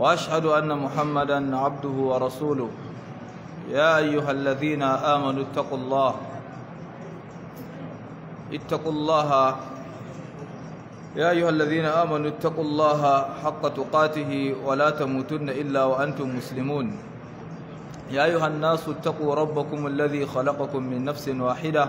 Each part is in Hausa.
واشهد ان محمدا عبده ورسوله يا ايها الذين امنوا اتقوا الله اتقوا الله يا ايها الذين امنوا اتقوا الله حق تقاته ولا تموتن الا وانتم مسلمون يا ايها الناس اتقوا ربكم الذي خلقكم من نفس واحده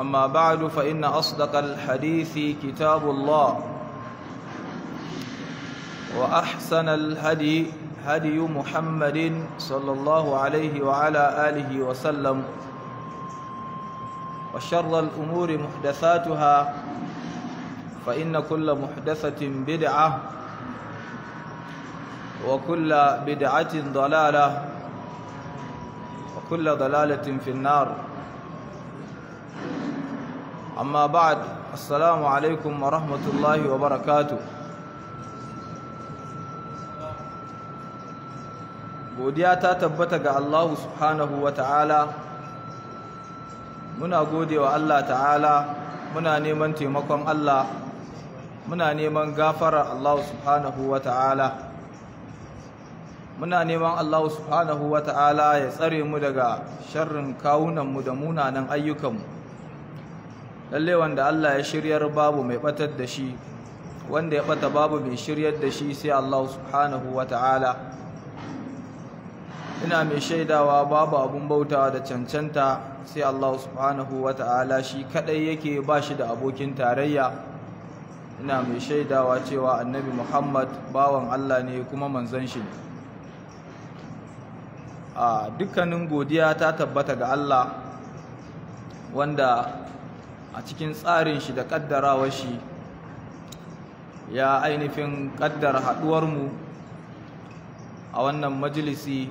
أما بعد فإن أصدق الحديث كتاب الله وأحسن الهدي هدي محمد صلى الله عليه وعلى آله وسلم وشر الأمور محدثاتها فإن كل محدثة بدعة وكل بدعة ضلالة وكل ضلالة في النار amma ba'ad, 'Asalamu alaikum wa rahmatullahi wa barakatuh godiya ta tabbata ga Allah subhanahu wa ta'ala muna gode wa Allah ta'ala muna neman taimakon Allah muna neman gafarar Allah subhanahu wa ta'ala muna neman Allah subhanahu wa ta'ala ya tsare mu daga sharrin kawunanmu da munanan ayyukanmu lalle wanda Allah ya shiryar babu mai batar da shi wanda ya bata babu mai shiryar da shi sai Allah subhanahu ta'ala. ina mai shaidawa babu abun bauta da cancanta sai Allah subhanahu ta'ala shi kadai yake ba shi da abokin tarayya ina mai shaidawa cewa annabi Muhammad bawan Allah ne kuma manzon shi ne a dukkanin godiya ta tabbata ga Allah wanda a cikin tsarin shi da ƙaddarawar shi ya ainihin ƙaddara haɗuwarmu a wannan majalisi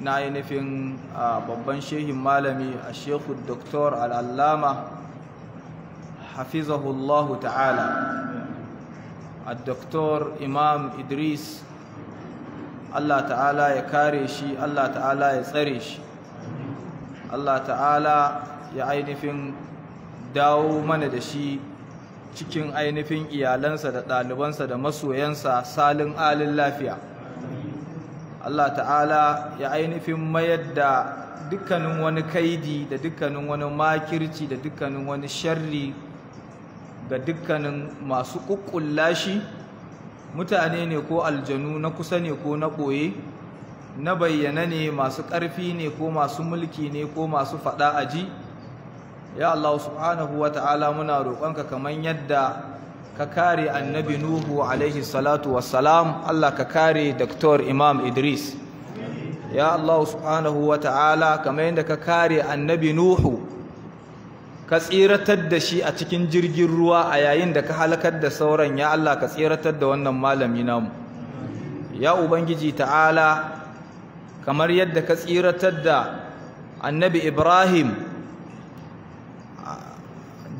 na ainihin babban shehin malami a shehu doktor al'allama hafizahullahu ta'ala a doktor imam idris Allah ta'ala ya kare shi Allah ta'ala ya tsare shi Allah ta'ala ya ainihin dawo mana da shi cikin ainihin iyalansa da ɗalibansa da masoyansa salin alin lafiya Allah ta'ala ya ainihin mayar da dukkanin wani kaidi da dukkanin wani makirci da dukkanin wani sharri ga dukkanin masu ƙuƙƙulla shi mutane ne ko aljanu na kusa ne ko na ɓoye na bayyana ne masu ƙarfi ne ko masu mulki ne ko masu faɗa a ji? ya Allah subhanahu wa ta'ala muna roƙonka kaman yadda ka kare annabi Nuhu alaihi salatu wassalam Allah ka kare Dr. Imam Idris ya Allah subhanahu wa ta'ala kaman yadda ka kare annabi Nuhu ka tsiratar da shi a cikin jirgin ruwa a yayin da ka halakar da sauran ya Allah ka tsiratar da wannan malami namu ya ubangiji ta'ala kamar yadda ka tsiratar da annabi Ibrahim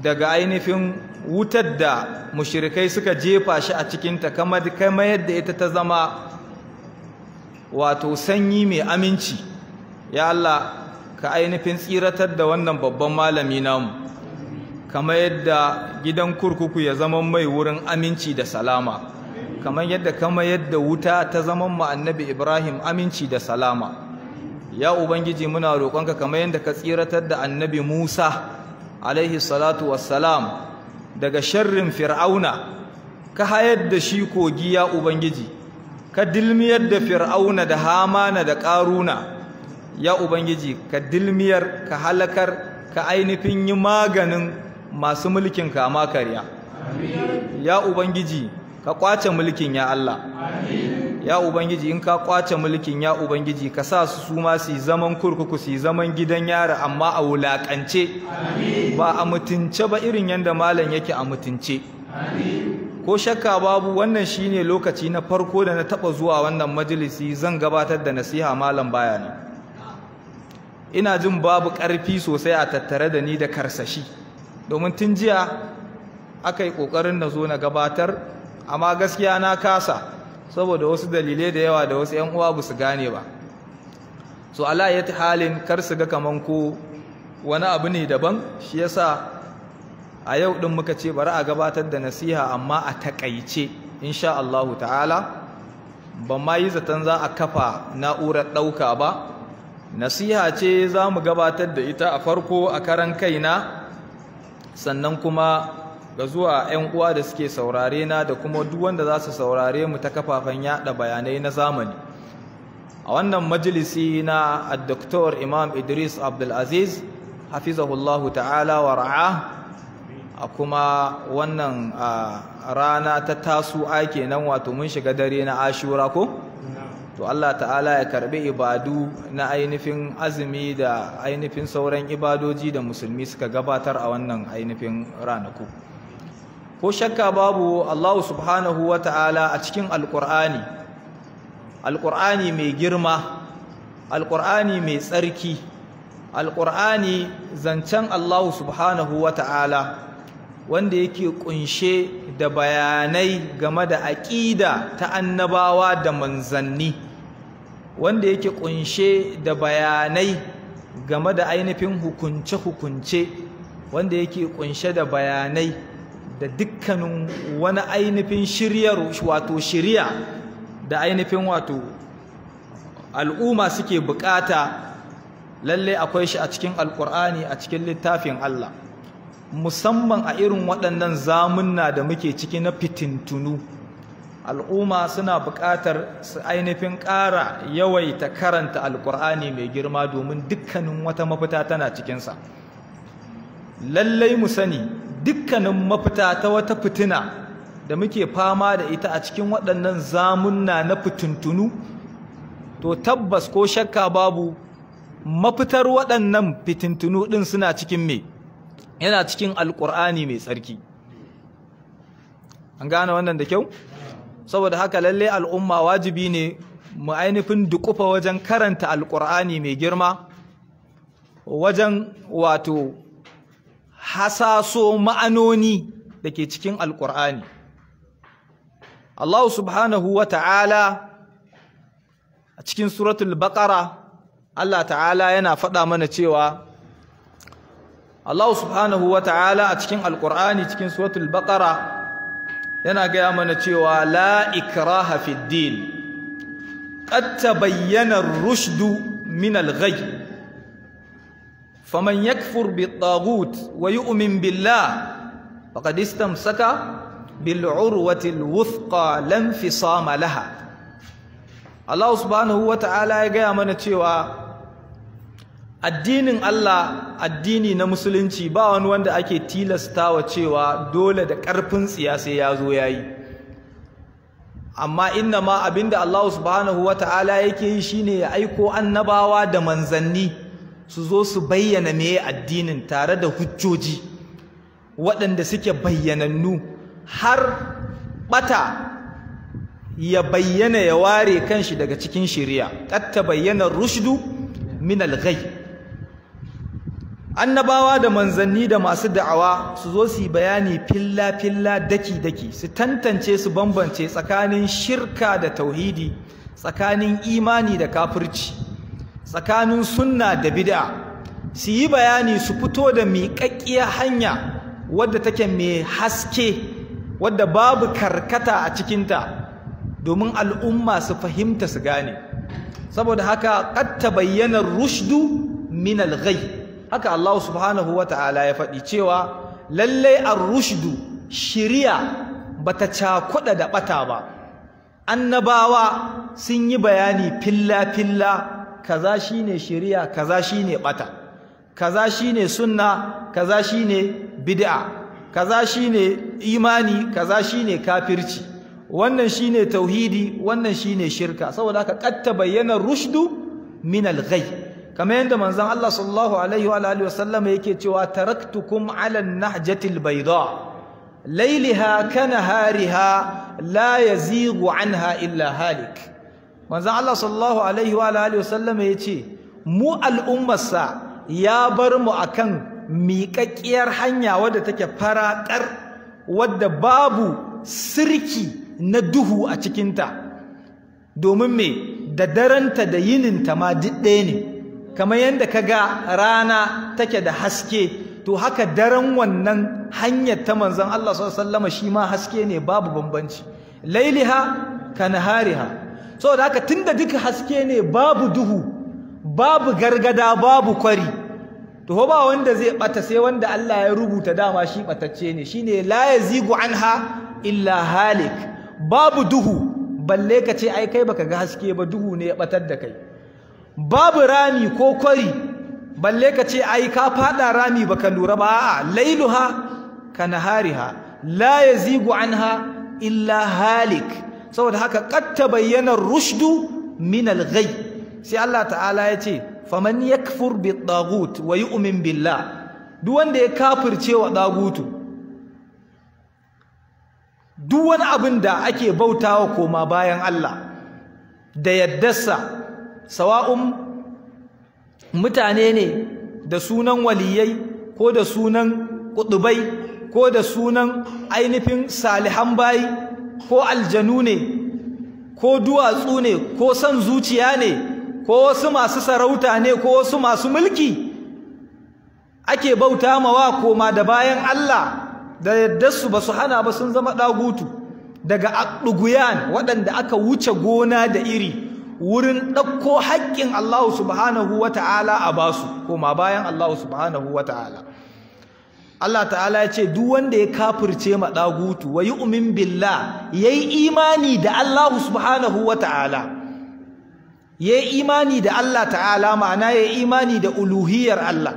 daga ainihin wutar da mushirikai suka jefa shi a cikinta kamar yadda ita ta zama wato sanyi mai aminci ya Allah ka ainihin tsiratar da wannan babban malami namu kamar yadda gidan kurkuku ya zama mai wurin aminci da salama kamar yadda kama yadda wuta ta zama ma annabi Ibrahim aminci da salama ya ubangiji muna roƙonka kamar yadda ka tsiratar da annabi Musa alaihi salatu wassalam daga sharrin fir'auna ka hayar da shi kogi ya ubangiji ka dilmiyar da fir'auna da hamana da ƙaruna ya ubangiji ka dilmiyar ka halakar ka ainihin yi maganin masu mulkin kama karya ya ubangiji ka kwace mulkin ya Allah ya ubangiji in ka kwace mulkin ya ubangiji ka sa su su ma su zaman kurkuku su zaman gidan yara amma a wulakance ba a mutunce ba irin yadda malam yake a mutunce ko shakka babu wannan shine lokaci na farko da na taba zuwa wannan majalisi zan gabatar da nasiha malam baya ina jin babu ƙarfi sosai a tattare da ni da karsashi domin tun jiya aka yi ƙoƙarin na zo na gabatar amma gaskiya na kasa saboda wasu dalilai da yawa da wasu 'yan uwa ba su gane ba so ala ya ta halin kar su ga kaman ko wani abu ne daban shi yasa a yau din muka ce bari a gabatar da nasiha amma a takaice insha Allah ta'ala ban ma yi zaton za a kafa na'urar ɗauka ba nasiha ce za mu gabatar da ita a farko a karan kaina sannan kuma ga zuwa 'yan uwa da suke saurare na da kuma duk wanda za su saurare mu ta kafafen yada bayanai na zamani a wannan majalisi na addoktor Imam Idris Abdulaziz hafizahullahu ta'ala wa ra'a a kuma wannan rana ta ake nan wato mun shiga dare na Ashura ko to Allah ta'ala ya karbi ibadu na ainihin azumi da ainihin sauran ibadoji da musulmi suka gabatar a wannan ainihin ranaku ko shakka babu Allah subhanahu wa ta'ala a cikin alƙur'ani alƙur'ani mai girma alƙur'ani mai tsarki alƙur'ani zancen Allah subhanahu wa ta'ala wanda yake kunshe da bayanai game da aƙida ta annabawa da manzanni wanda yake kunshe da bayanai game da ainihin hukunce-hukunce wanda yake kunshe da bayanai da dukkanin wani ainihin shiryar wato shirya da ainihin wato al'umma suke bukata lalle akwai shi a cikin alkur'ani a cikin littafin Allah musamman a irin waɗannan zamunna da muke ciki na fitintunu al'umma suna buƙatar su ainihin ƙara yawaita karanta alkur'ani mai girma domin dukkanin wata mafita tana cikinsa lallai mu sani dukkanin mafita ta wata fitina da muke fama da ita a cikin waɗannan zamunna na fitintunu to tabbas ko shakka babu mafitar waɗannan fitintunu ɗin suna cikin me yana cikin alƙur'ani mai tsarki an gane wannan da kyau saboda haka lalle al'umma wajibi ne mu ainihin dukufa wajen karanta alƙur'ani mai girma wajen wato hasaso ma'anoni da ke cikin alkur'ani Allah subhanahu wa ta'ala a cikin suratul baqara Allah ta'ala yana faɗa mana cewa Allah subhanahu wa ta'ala a cikin Alƙur'ani cikin suratul baqara yana gaya mana cewa la ikraha fid din qad tabayyana rushdu min al faman yakfur bitagut wa yu'min billah faqad istamsaka bil urwati al wuthqa lam fisama laha Allah subhanahu wa ta'ala ya gaya mana cewa addinin Allah addini na musulunci ba wani wanda ake tilastawa cewa dole da ƙarfin tsiya sai ya zo yayi amma inna ma abinda Allah subhanahu wata'ala yake yi shine ya aiko annabawa da manzanni su zo su bayyana meye addinin tare da hujjoji waɗanda suke bayyanannu har ɓata ya bayyana ya ware kanshi daga cikin shirya, ƙatta bayyana rushdu min alghai annabawa da manzanni da masu da'awa su zo su yi bayani filla filla daki daki su tantance su bambance tsakanin shirka da tauhidi tsakanin imani da kafirci tsakanin sunna da bid'a su yi bayani su fito da miƙaƙƙiyar hanya wadda take mai haske wadda babu karkata a cikinta domin al'umma su fahimta su gane saboda haka qad bayyana rushdu min gai haka Allah subhanahu wata'ala ya faɗi cewa lallai ar-rushdu shiriya bata cakuɗa da ɓata ba annabawa sun yi bayani filla filla kaza shine shiriya kaza shine bata kaza shine sunna kaza shine bid'a kaza shine imani kaza shine kafirci wannan shine tauhidi wannan shine shirka saboda haka katta bayyana rushdu min al-ghay kamar yadda manzon Allah sallallahu alaihi wa alihi wasallam yake cewa taraktukum ala an-nahjati al-bayda kana hariha la yazigu anha illa halik manzon Allah sallallahu alaihi wa alihi wasallam ya ce mu al'ummarsa ya bar mu akan miƙaƙƙiyar hanya wadda take faraƙar wadda babu sirki na duhu a cikinta domin me da daranta da yininta ma duk ɗaya ne kamar yadda ka ga rana take da haske to haka daren wannan hanyar ta manzon Allah sallallahu alaihi wasallam shi ma haske ne babu bambanci lailiha ka saboda haka tunda duka haske ne babu duhu babu gargada babu kwari to ba wanda zai bata sai wanda Allah ya rubuta dama shi batacce ne shine la yazigu anha illa halik babu duhu balle ka ce ai kai baka ga haske ba duhu ne ya batar da kai babu rami ko kwari balle ka ce ai ka fada rami baka lura ba a'a lailuha kanahariha la yazigu anha illa halik saboda haka katta bayyana rushdu min al-ghay sai Allah ta'ala ya ce faman yakfur bi tagut wa yu'min billah duk wanda ya kafirce wa dagutu duk wani abin da ake bautawa koma bayan Allah da yaddarsa sawa'un mutane ne da sunan waliyai ko da sunan kudubai ko da sunan ainihin salihan bayi ko aljanu ne ko duwatsu ne ko son zuciya ne ko wasu masu sarauta ne ko wasu masu mulki ake bauta mawa koma da bayan Allah da yaddarsu ba su hana ba sun zama ɗagutu daga ɗuguyan waɗanda aka wuce gona da iri wurin ɗauko haƙƙin Allah subhanahu wa ta'ala a basu koma bayan Allah subhanahu wa ta'ala Allah ta'ala ya ce duk wanda ya kafirce ma dagutu wa yu'min billah yayi imani da Allah subhanahu wa ta'ala yayi imani da Allah ta'ala ma'ana yayi imani da uluhiyar Allah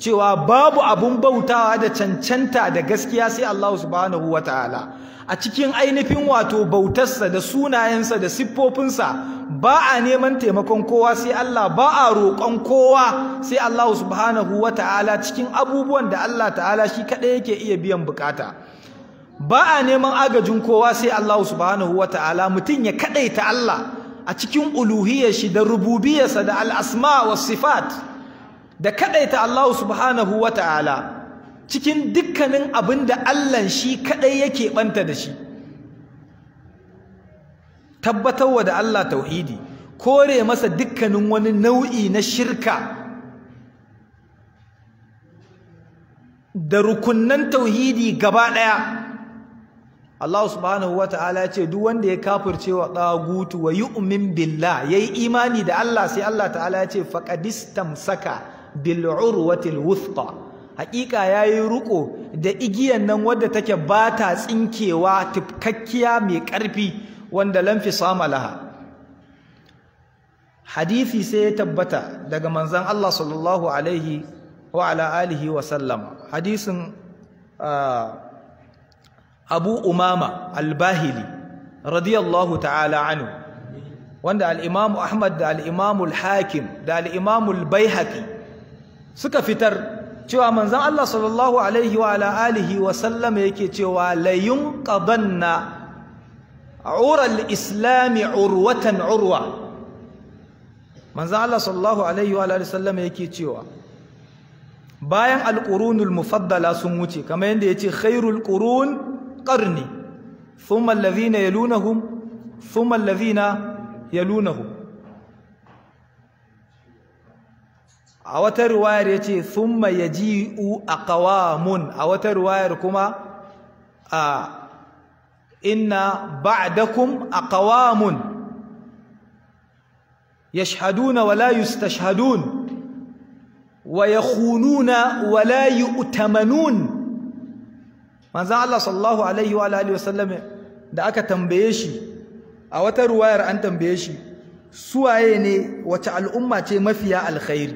cewa babu abun bautawa da cancanta da gaskiya sai Allah subhanahu wa ta'ala a cikin ainihin wato bautarsa da sunayensa da siffofinsa ba a neman taimakon kowa sai Allah ba a roƙon kowa sai Allah subhanahu wa ta'ala cikin abubuwan da Allah ta'ala shi kaɗai yake iya biyan bukata ba a neman agajin kowa sai Allah subhanahu wa ta'ala mutum ya kaɗaita Allah a cikin uluhiyar shi da rububiyarsa da al'asma wa sifat da kaɗaita Allah subhanahu wa ta'ala cikin dukkanin abin da Allah shi kaɗai yake ɓanta da shi tabbatarwa da Allah tauhidi kore masa dukkanin wani nau'i na shirka da rukunnan tauhidi gaba ɗaya Allah subhanahu wata'ala ya ce duk wanda ya kafirce wa ɗagutu wa yu'min billah yayi imani da Allah sai Allah ta'ala ya ce faqadistamsaka bil urwatil wuthqa haƙiƙa yayi riƙo da igiyan nan wadda take bata tsinkewa tifkakkiya mai ƙarfi wanda lamfi sama laha hadithi sai ya tabbata daga manzan Allah sallallahu alaihi wa ala alihi wa sallama) hadisin ah, abu umama albahili radiyallahu ta'ala Anu, wanda al'imamu ahmad da al'imamu al-hakim da al'imamu al-baihaqi suka fitar cewa manzan Allah sallallahu alaihi wa ala alihi wa sallama) yake cewa layun qadanna ural islami urwatan urwa manzan Allah sallallahu alaihi wa sallam yake cewa bayan alqurunul mufaddala sun wuce kamar yadda yace khairul qurun qarni thumma alladhina yalunahum thumma alladhina yalunahum a wata ruwayar yace thumma yaji'u aqwamun a wata ruwayar kuma a inna ba'dakum aqwamun yashhaduna wa la yustashhadun wa yakhununa wa la yu'tamanun manzo Allah sallallahu alaihi wa alihi wasallam da aka tambaye shi a wata ruwayar an tambaye shi suwaye ne wace al'umma ce mafiya alkhairi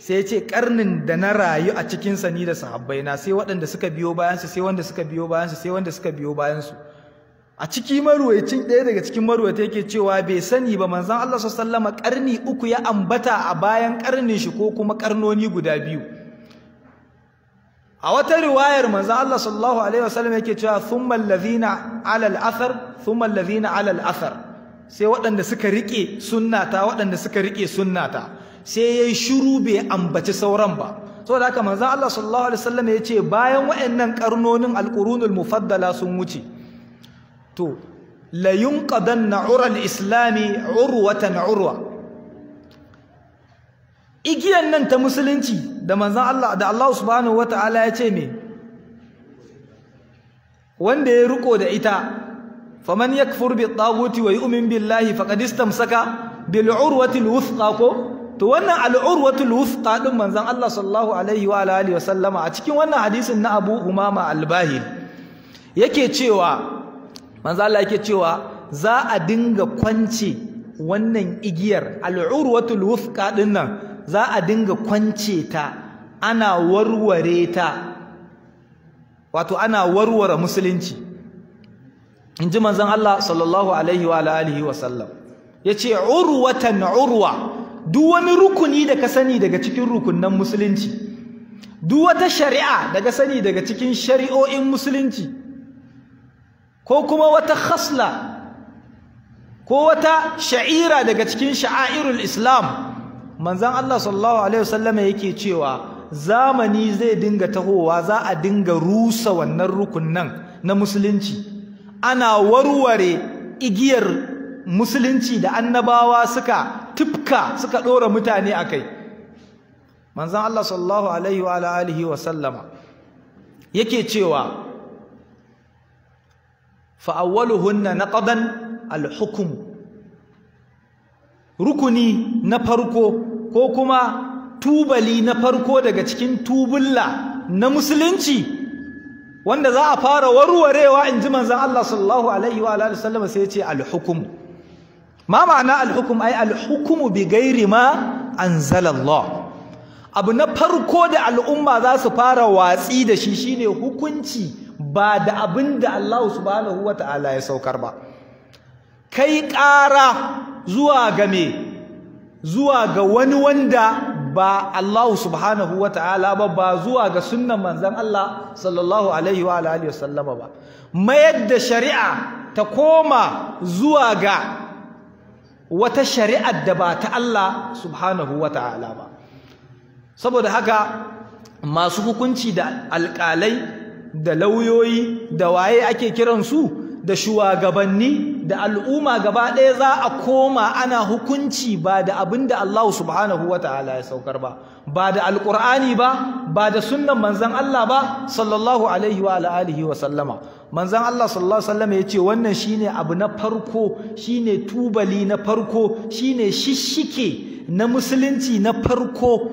sai ce karnin da na rayu a cikin sani da sahabbaina sai waɗanda suka biyo bayansu sai wanda suka biyo bayansu sai wanda suka biyo bayansu a ciki maruwaicin ɗaya daga cikin maruwaita yake cewa bai sani ba Manzan Allah sallallahu karni uku ya ambata a bayan ƙarnin shi ko kuma karnoni guda biyu a wata riwayar Manzan Allah sallallahu alaihi wasallam yake cewa thumma alladhina ala al-athar thumma alladhina ala sai waɗanda suka rike sunnata waɗanda suka rike sunnata sai yayi shiru bai ambaci sauran ba saboda haka Manzan Allah sallallahu alaihi wasallam yace bayan waɗannan karnonin al mufaddala sun wuce to la yunqadanna ural islami urwatan urwa igiyan nan ta musulunci da manzon Allah da Allah subhanahu wataala ya ce me wanda ya riko da ita faman yakfur bi taghuti wa yu'min billahi faqad istamsaka bil urwati al wuthqa ko to wannan al urwati al wuthqa din manzon Allah sallallahu alaihi wa alihi wa sallama a cikin wannan hadisin na Abu Umama al-Bahili yake cewa manzo Allah yake cewa za a dinga kwance wannan igiyar al'urwatul wufqa dinnan za a dinga kwance ta ana warware ta wato ana warware musulunci in ji manzon Allah sallallahu alaihi wa alihi wa sallam yace urwatan urwa duk wani rukuni da ka sani daga cikin rukunnan musulunci duk wata shari'a daga sani daga cikin shari'o'in musulunci ko kuma wata khasla ko wata sha'ira daga cikin sha'airul islam manzon Allah sallallahu alaihi wasallama yake cewa zamani zai dinga tahowa za a dinga rusa wannan rukunnan na musulunci ana warware igiyar musulunci da annabawa suka tifka suka dora mutane akai manzon Allah sallallahu alaihi wa alihi wa yake cewa fa awwaluhunna naqadan al-hukm rukuni na farko ko kuma tubali na farko daga cikin tubulla na musulunci wanda za a fara warwarewa in ji manzan Allah sallallahu alaihi wa alihi sai ce al ma ma'ana al ai al bi gairima, anzalallah. abu na farko da al'umma za su fara watsi da shi shine hukunci ba da abin da Allah subhanahu wa ta'ala ya saukar ba kai ƙara zuwa ga me zuwa ga wani wanda ba Allah subhanahu wa ta'ala ba ba zuwa ga sunnan manzon Allah sallallahu alaihi wa alihi wasallama ba mayar da shari'a ta koma zuwa ga wata shari'ar da ba ta Allah subhanahu wa ta'ala ba saboda haka masu hukunci da alƙalai da lauyoyi da waye ake kiransu da shugabanni da al'umma gaba ɗaya za a koma ana hukunci ba da abin da Allah subhanahu wa ta'ala ya saukar ba ba da alƙur'ani ba ba da sunan manzan Allah ba sallallahu alaihi wa alihi wa sallama manzan Allah sallallahu alaihi wa sallama ya ce wannan shine abu na farko shine tubali na farko shine shishike na musulunci na farko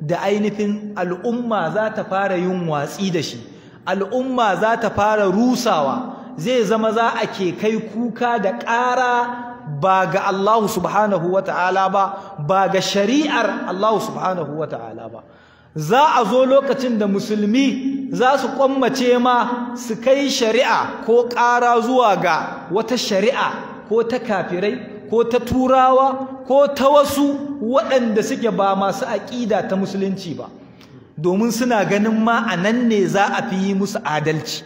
da ainihin al'umma za ta fara yin watsi da shi al'umma za ta fara rusawa zai zama za a ke kai kuka da ƙara ba ga Allah subhanahu wa ta'ala ba ba ga shari'ar Allah subhanahu wa ta'ala ba za a zo lokacin da musulmi za su kwammace ma su kai shari'a ko ƙara zuwa ga wata shari'a ko ta kafirai ko ta turawa ko ta wasu waɗanda suke ba masu aƙida ta musulunci ba domin suna ganin ma a nan ne za a fi yi musu adalci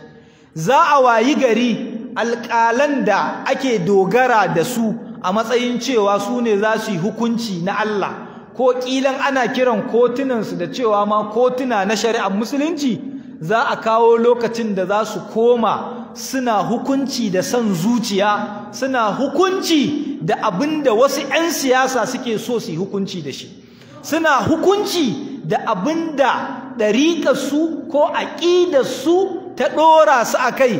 za a wayi gari alƙalan da ake dogara da su a matsayin cewa su ne za su yi hukunci na Allah ko ƙilan ana kiran kotunansu da cewa ma kotuna na shari'ar musulunci za a kawo lokacin da za su koma suna hukunci da son zuciya suna hukunci da abin da wasu 'yan siyasa suke so su yi hukunci da shi suna hukunci da abin da su ko su ta ɗora su a kai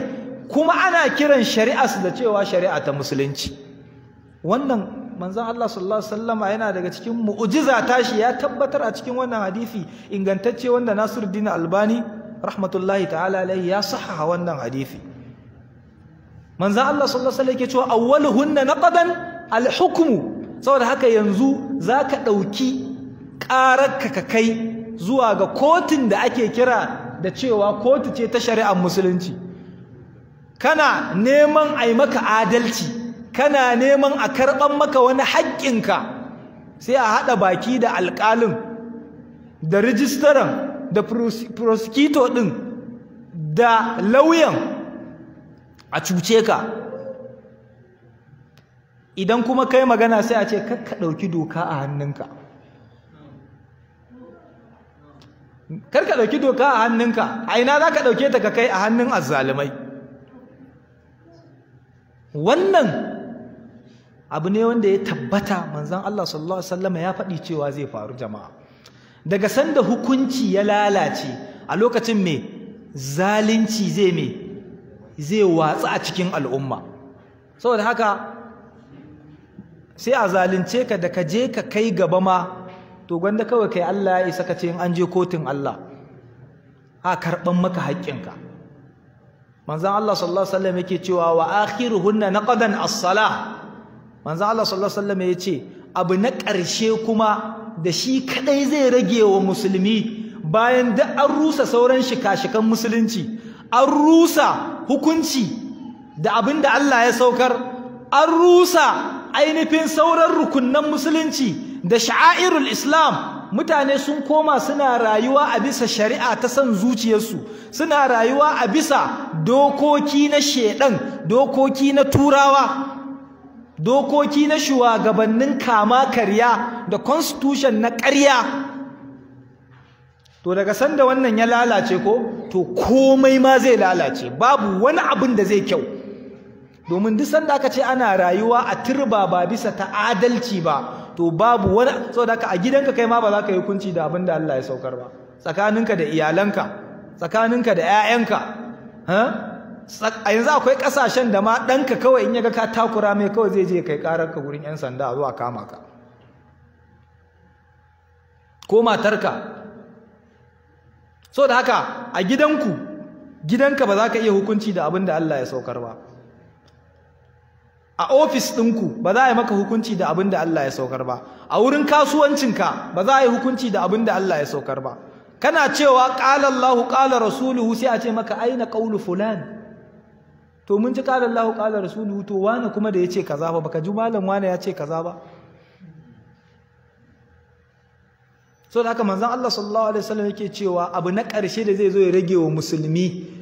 kuma ana kiran shari'arsu da cewa shari'a ta musulunci wannan manzan Allah sallallahu Alaihi wasallama yana daga cikin mu'ujiza tashi ya tabbatar a cikin wannan hadithi ingantacce wanda Nasiruddin Albani rahmatullahi ta'ala alaihi ya a wannan hadithi manzan Allah sallallahu Alaihi wasallam yake cewa awwaluhunna naqadan al saboda haka yanzu zaka ɗauki ƙararka ka kai zuwa ga kotun da ake kira da cewa kotu ce ta shari'ar musulunci kana neman a maka adalci kana neman a karɓar maka wani haƙƙinka sai a haɗa baki da alƙalin da rijistaran da prosecutor ɗin da lauyan a cuce ka idan kuma kai magana sai a ce kakka ɗauki doka a hannunka kar ka ɗauki doka a hannunka a ina za ka ɗauke ta ka kai a hannun azzalumai wannan abu ne wanda ya tabbata manzan Allah sallallahu Alaihi wasallama ya faɗi cewa zai faru jama'a daga sanda hukunci ya lalace a lokacin mai zalunci zai mai zai watsa a cikin al'umma saboda haka sai a zalunce ka da ka je ka kai gaba ma to gwanda kawai kai Allah ya isa ka ce in an je kotun Allah a karɓan maka haƙƙinka manzan Allah sallallahu alaihi wasallam yake cewa wa akhiruhunna naqadan as-salah manzan Allah sallallahu alaihi wasallam yace abu na ƙarshe kuma da shi kadai zai rage wa musulmi bayan da an rusa sauran shika-shikan musulunci an rusa hukunci da abin da Allah ya saukar an rusa ainihin sauran rukunnan musulunci da sha'airul islam mutane sun koma suna rayuwa a bisa shari'a ta san zuciyarsu suna rayuwa a bisa dokoki na shedan dokoki na turawa dokoki na shugabannin kama karya da constitution na karya to daga sanda wannan ya lalace ko to komai ma zai lalace babu wani abin da zai kyau domin duk sanda aka ce ana rayuwa a turba ba bisa ta adalci ba to babu wani saboda haka a gidanka kai ma ba za ka yi hukunci da abin da Allah ya saukar ba tsakaninka da iyalanka tsakaninka da 'ya'yanka a yanzu akwai ƙasashen da ma ɗanka kawai in ya ga ka takura mai kawai zai je kai ƙarar ka wurin 'yan sanda a zuwa kama ka ko matarka so da haka a gidanku gidanka ba za ka iya hukunci da abin da Allah ya saukar ba a ofis ɗinku ba za a yi maka hukunci da abin da Allah ya saukar ba a wurin kasuwancinka ba za a yi hukunci da abin da Allah ya saukar ba kana cewa ƙalar Allah ƙalar rasuluhu sai a ce maka aina qawlu fulan to mun ji ƙalar Allah ƙalar rasuluhu to wani kuma da yace kaza ba baka ji malam wani ya ce kaza ba so da haka manzon Allah sallallahu alaihi wasallam yake cewa abu na ƙarshe da zai zo ya rage wa musulmi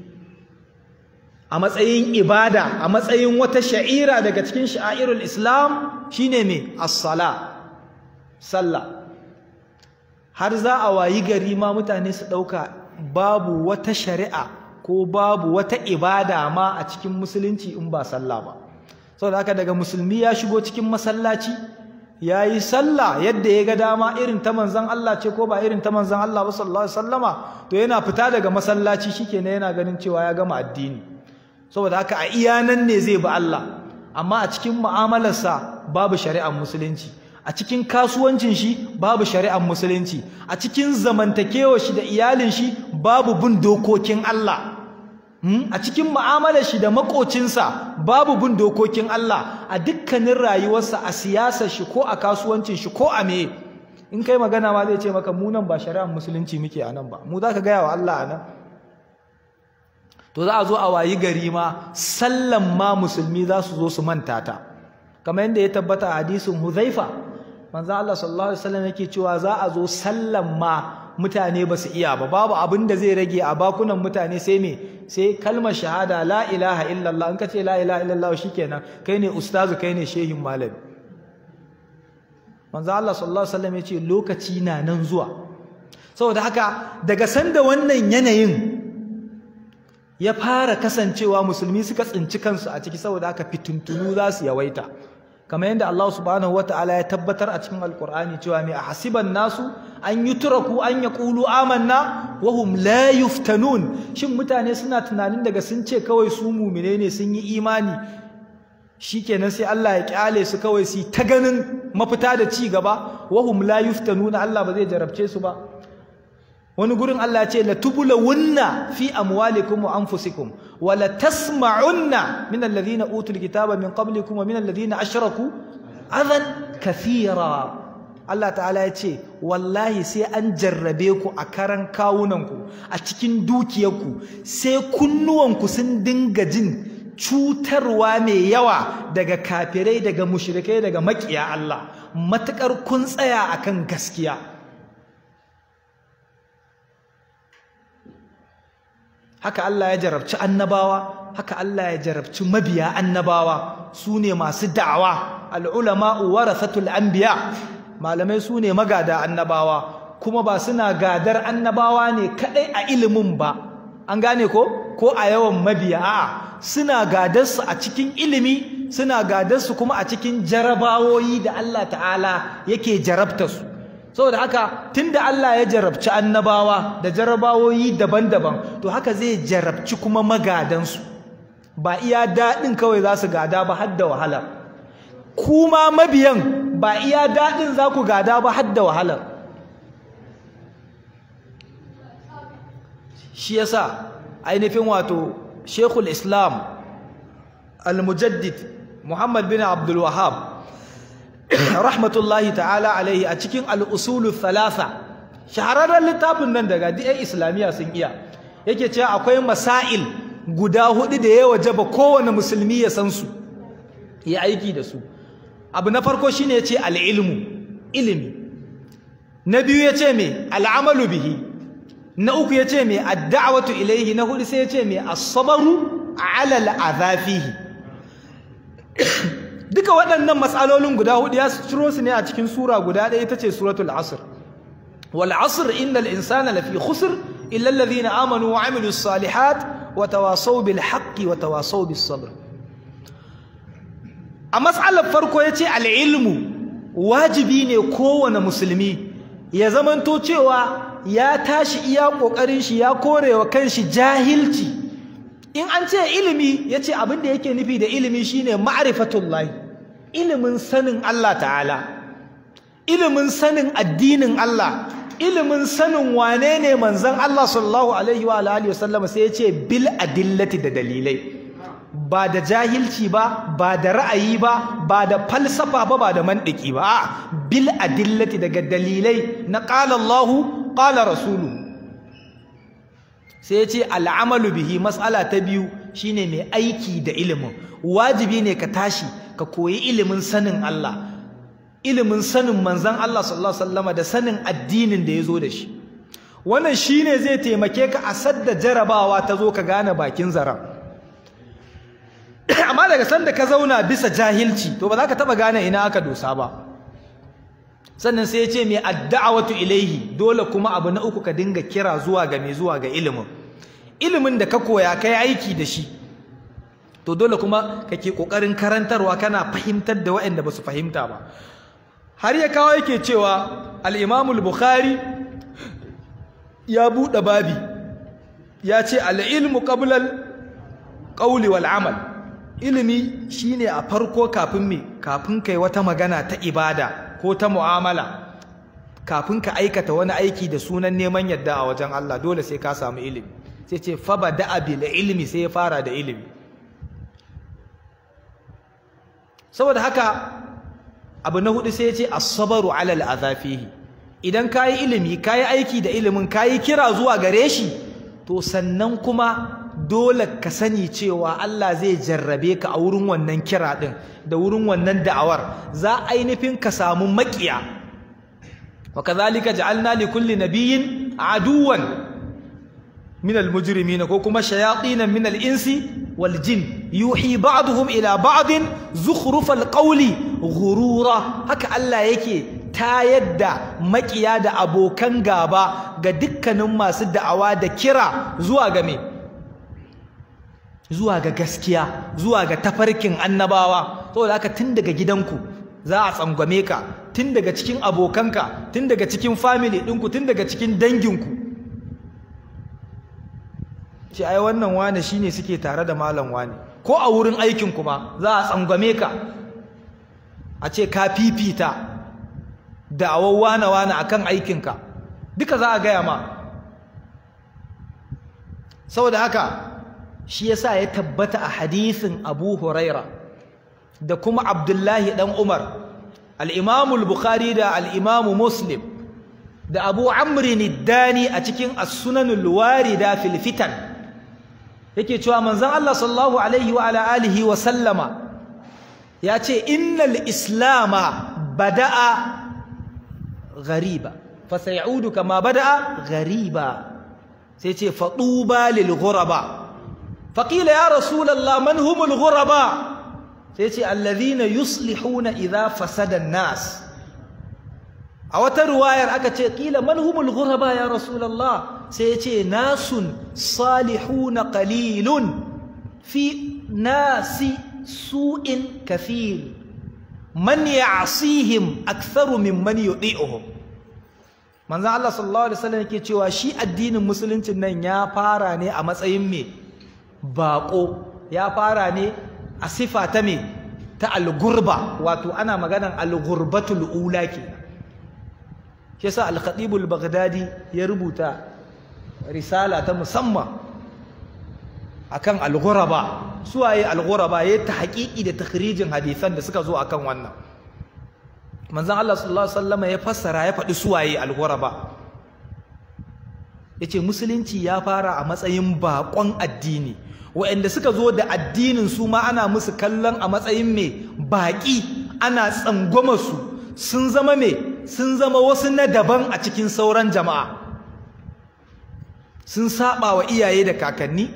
a matsayin ibada a matsayin wata sha'ira daga cikin sha'irul islam shine mai asala, sallah har za a wayi gari ma mutane su ɗauka babu wata shari'a ko babu wata ibada ma a cikin musulunci in ba sallah ba Sau da haka daga musulmi ya shigo cikin masallaci ya yi sallah yadda ya ga dama irin ta manzan Allah ce ko ba irin ta manzan Allah ba sallallahu alaihi to yana fita daga masallaci shikenan yana ganin cewa ya gama addini saboda haka a iya nan ne zai bi Allah amma a cikin mu'amalarsa babu shari'ar musulunci a cikin kasuwancin shi babu shari'ar musulunci a cikin zamantakewa shi da iyalin shi babu bin dokokin Allah hmm? a cikin mu'amalar shi da makocinsa babu bin dokokin Allah a dukkanin rayuwarsa a siyasar shi ko a kasuwancin shi ko a me in kai magana ma zai ce maka mu nan ba shari'ar musulunci muke a nan ba mu za ka gaya wa Allah a nan to za a zo a wayi gari ma sallan ma musulmi za su zo su manta ta kamar yadda ya tabbata hadisin Huzaifa manzo Allah sallallahu alaihi wasallam yake cewa za a zo sallan ma mutane ba su iya ba babu abin da zai rage a bakunan mutane sai me sai kalmar shahada la ilaha illallah in ka ce la ilaha illallah shikenan kai ne ustazu kai ne shehin malami manzo Allah sallallahu alaihi wasallam yace lokaci na nan zuwa saboda haka daga sanda wannan yanayin ya fara kasancewa musulmi suka tsinci kansu a ciki saboda aka fituntunu za su yawaita kamar yadda Allah subhanahu Ta'ala ya tabbatar a cikin alkur'ani cewa mai a hasiban nasu an yi turaku an ya kulu amanna wa hum la yuftanun shin mutane suna tunanin daga sun ce kawai su mu'mine ne sun yi imani shikenan sai Allah ya kyale su kawai su ta ganin mafita da ci gaba wa hum la yuftanun Allah ba zai jarabce su ba wani gurin Allah ce la wunna fi amwalikum wa anfusikum wa la tasma'unna min alladhina utul kitaba min qablikum wa min alladhina ashraku adan kathira Allah ta'ala ya ce wallahi sai an jarrabe ku a karan kawunanku a cikin dukiyarku sai kunnuwanku sun dinga jin cutarwa mai yawa daga kafirai daga mushrikai daga makiya Allah matukar kun tsaya akan gaskiya haka Allah ya jarabci annabawa haka Allah ya jarabci mabiya annabawa su ne masu da'awa al'ulama'u warasatul anbiya malamai su ne magada annabawa kuma ba suna gadar annabawa ne kadai a ilimin ba an gane ko ko a yawan mabiya a'a suna gadar su a cikin ilimi suna gadar su kuma a cikin jarabawoyi da Allah ta'ala yake jarabta su saboda haka tunda Allah ya jarabci annabawa da jarabawoyi daban-daban to haka zai jarabci kuma magadansu ba iya daɗin kawai za su gada ba hadda wahala kuma mabiyan ba iya daɗin za ku gada ba hadda wahala shi yasa ainihin wato shekul islam al-mujaddid muhammad bin abdul wahab rahmatullahi ta'ala alaihi a cikin al'usulu thalatha shahararren littafin nan daga di'ai islamiyya sun iya yake cewa akwai masail guda hudu da ya wajaba kowane musulmi ya san su ya aiki da su abu na farko shine yace ce al'ilmu, ilimi na biyu yace me al'amalu bihi na uku yace me ad-da'watu ilaihi, na hudu sai yace me Asabaru sabru alal al-azafihi duka waɗannan matsalolin guda hudu ya ciro su ne a cikin sura guda ɗaya ita ce suratul asr wal asr innal insana lafi khusr illa alladhina amanu wa amilus salihat wa tawasaw bil haqqi wa tawasaw bis sabr a matsalar farko yace al al'ilmu wajibi ne kowane musulmi ya zamanto cewa ya tashi iya kokarin shi ya korewa kanshi jahilci in an ce ilimi ya ce abin da yake nufi da ilimi shine ma'rifatullahi ilimin sanin Allah ta'ala ilimin sanin addinin Allah ilimin sanin wane ne manzon Allah sallallahu alaihi wa alihi wasallam sai ya ce bil adillati da dalilai ba da jahilci ba ba da ra'ayi ba ba da falsafa ba ba da mandiki ba bil adillati daga dalilai na qala Allahu qala rasulu sai ce al'amalu bihi matsala ta biyu shine mai aiki da ilimin wajibi ne ka tashi ka koyi ilimin sanin Allah ilimin sanin manzon Allah sallallahu alaihi wasallama da sanin addinin da ya zo da shi wannan shine zai taimake ka a sadda jarabawa ta zo ka gane bakin zara amma daga sanda ka zauna bisa jahilci to ba za ka taba gane ina aka dosa ba sannan sai ya ce mai adda'awatu ilaihi dole kuma abu na uku ka dinga kira zuwa ga mai zuwa ga ilimin ilimin da ka koya ka yi aiki da shi to dole kuma kake ƙoƙarin karantarwa kana fahimtar da waɗanda ba su fahimta ba har ya kawo yake cewa al'imamul bukhari ya buɗe babi ya ce al'ilmu ƙablal ƙauli wal'amal ilimi shi ne a farko kafin me kafin kai wata magana ta ibada ko ta mu'amala kafin ka aikata wani aiki da sunan neman yadda a wajen Allah dole sai ka samu ilimi sai ce fa bada'a bil ilmi sai ya fara da ilimi saboda haka abu na hudu sai ya ce as alal ala azafihi idan kayi ilimi kayi aiki da ilimin kayi kira zuwa gare shi to sannan kuma dole ka sani cewa Allah zai jarrabe ka a wurin wannan kira din da wurin wannan da'awar za ainihin ka samu makiya wa kadhalika ja'alna li kulli nabiyyin aduwan min al-mujrimina ko kuma shayatin minal insi wal jin yuhi ba'dhum ila ba'd zukhruf al-qawli ghurura haka Allah yake tayar da maƙiya da abokan gaba ga dukkanin masu da'awa da kira zuwa ga zuwa ga gaskiya zuwa ga tafarkin annabawa saboda haka tun daga gidanku za a tsangwame ka tun daga cikin abokanka tun daga cikin family ɗinku tun daga cikin danginku ce ai wannan wane shine suke tare da malam wane ko a wurin aikin kuma za a tsangwame ka a ce ka fifita da wane wane akan aikinka duka za a gaya ma saboda haka shi yasa ya tabbata a hadisin Abu Huraira da kuma Abdullahi dan Umar al-Imam al-Bukhari da al-Imam Muslim da Abu Amr ad-Dani a cikin As-Sunan al-Warida fil Fitan yake cewa manzon Allah sallallahu alaihi wa ala alihi wa sallama ya innal islama bada'a ghariba fa sayaudu kama bada'a ghariba sai ce faduba lil ghuraba faqila ya rasulullah man humul ghuraba sai ce alladhina yuslihuna idha fasada an-nas a wata ruwayar aka ce kila man humul ghuraba ya rasulullah sai ya ce nasun salihuna qalilun fi nasi su'in kathir man ya'sihim aktharu mimman yuti'uhum manzon Allah sallallahu alaihi wasallam yake cewa shi addinin musuluncin nan ya fara ne a matsayin me bako ya fara ne a sifa ta me ta algurba wato ana maganar algurbatul ula ke shi yasa al-khatib al-baghdadi ya rubuta risala ta musamman akan al-ghuraba suwaye al-ghuraba ta tahqiqi da takhrijin hadisan da suka zo akan wannan manzon Allah sallallahu alaihi wasallam ya fassara ya faɗi su suwaye al-ghuraba yace musulunci ya fara a matsayin baƙon addini waɗanda suka zo da addinin su ma ana musu kallon a matsayin mai baƙi ana tsangwama su sun zama mai sun zama wasu na daban a cikin sauran jama'a sun saba wa iyaye da kakanni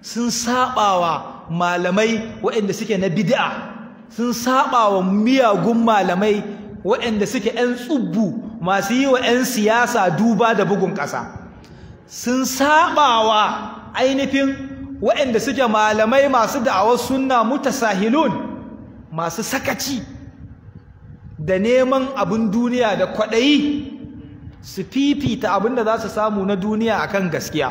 sun saba wa malamai waɗanda suke na bid'a sun saba wa miyagun malamai waɗanda suke 'yan tsubbu masu yi wa 'yan siyasa duba da bugun ƙasa sun saba wa ainihin waɗanda suke malamai masu da'awar sunna mutasahilun masu sakaci da neman abin duniya da kwaɗayi su fifita abin da za su samu na duniya akan gaskiya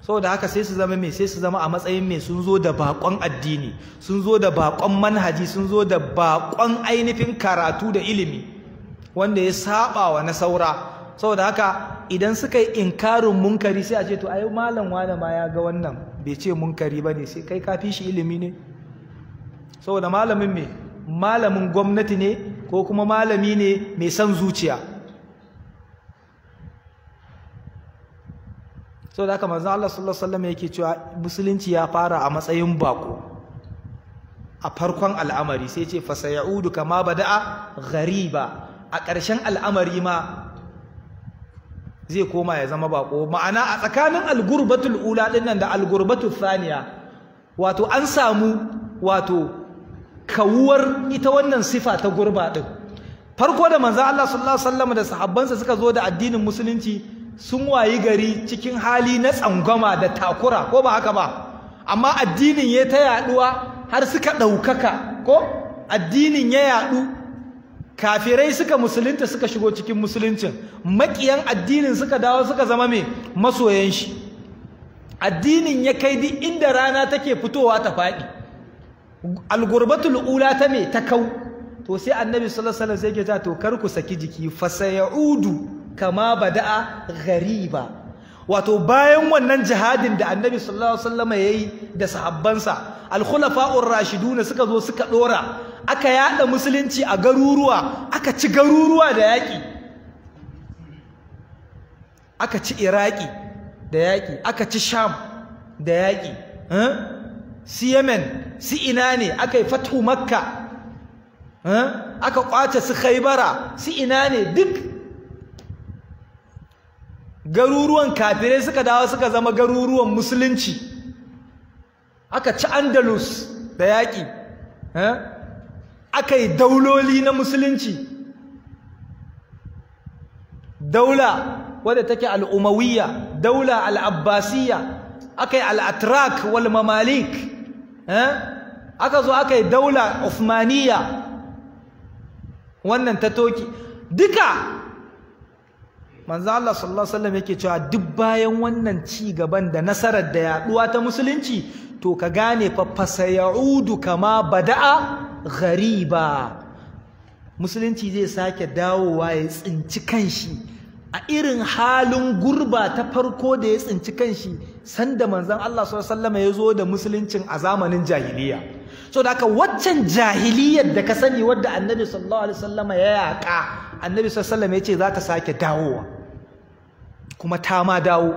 saboda haka sai su zama mai sai su zama a matsayin mai sun zo da bakon addini sun zo da bakon manhaji sun zo da bakon ainihin karatu da ilimi wanda ya saba wa na saura saboda haka idan suka yi inkarin munkari sai a ce to ai malam wane ma ya ga wannan bai ce munkari ba ne sai kai ka shi ilimi ne saboda malamin me malamin gwamnati ne ko kuma malami ne mai son zuciya so da aka manzon Allah sallallahu alaihi wasallam yake cewa musulunci ya fara a matsayin bako a farkon al'amari sai ce fasayaudu kama ba gari ghariba a ƙarshen al'amari ma zai koma ya zama bako ma'ana a tsakanin algurbatul ula dinnan da algurbatul thaniya wato an samu wato kawuwar ita wannan sifa ta gurba ɗin. farko da manzo Allah sallallahu alaihi wasallam da sahabbansa suka zo da addinin musulunci sun wayi gari cikin hali na tsangwama da takura ko ba haka ba amma addinin ya ta yaduwa har suka ɗaukaka ko addinin ya yadu kafirai suka musulunta suka shigo cikin musuluncin makiyan addinin suka dawo suka zama mai masoyan shi addinin ya kai duk inda rana take fitowa ta faɗi algurbatul ula ta me ta kau to sai annabi sallallahu alaihi wasallam sai yake ta to kar ku saki jiki fasayaudu kama bada'a ghariba wato bayan wannan jihadin da annabi sallallahu alaihi wasallam yayi da sahabbansa al-khulafa'ur rashiduna suka zo suka dora aka yada musulunci a garuruwa aka ci garuruwa da yaki aka ci iraki da yaki aka ci sham da yaki eh? si yemen su ina ne aka yi fatu makka eh? aka kwace su khaibara su ina ne duk garuruwan kafirai suka dawo suka zama garuruwan musulunci aka ci andalus da yaƙi eh? aka yi dauloli na musulunci daula wadda take al'umawiyya daula al'abbasiyya aka yi al'atrak wal mamalik Eh? aka zo aka yi daula Uthmaniyya wannan ta toki duka manzo Allah sallallahu alaihi wasallam yake cewa duk bayan wannan ci gaban da nasarar da yaduwa ta musulunci to ka gane fa udu kama bada'a ba. musulunci zai sake dawowa ya tsinci kanshi a irin halin gurba ta farko da ya tsinci kanshi sanda manzon Allah sallallahu ya zo da musuluncin a zamanin jahiliya so da haka waccan jahiliyar da ka sani wadda annabi sallallahu alaihi ya yaƙa annabi sallallahu ya ce za ta sake dawowa kuma ta ma dawo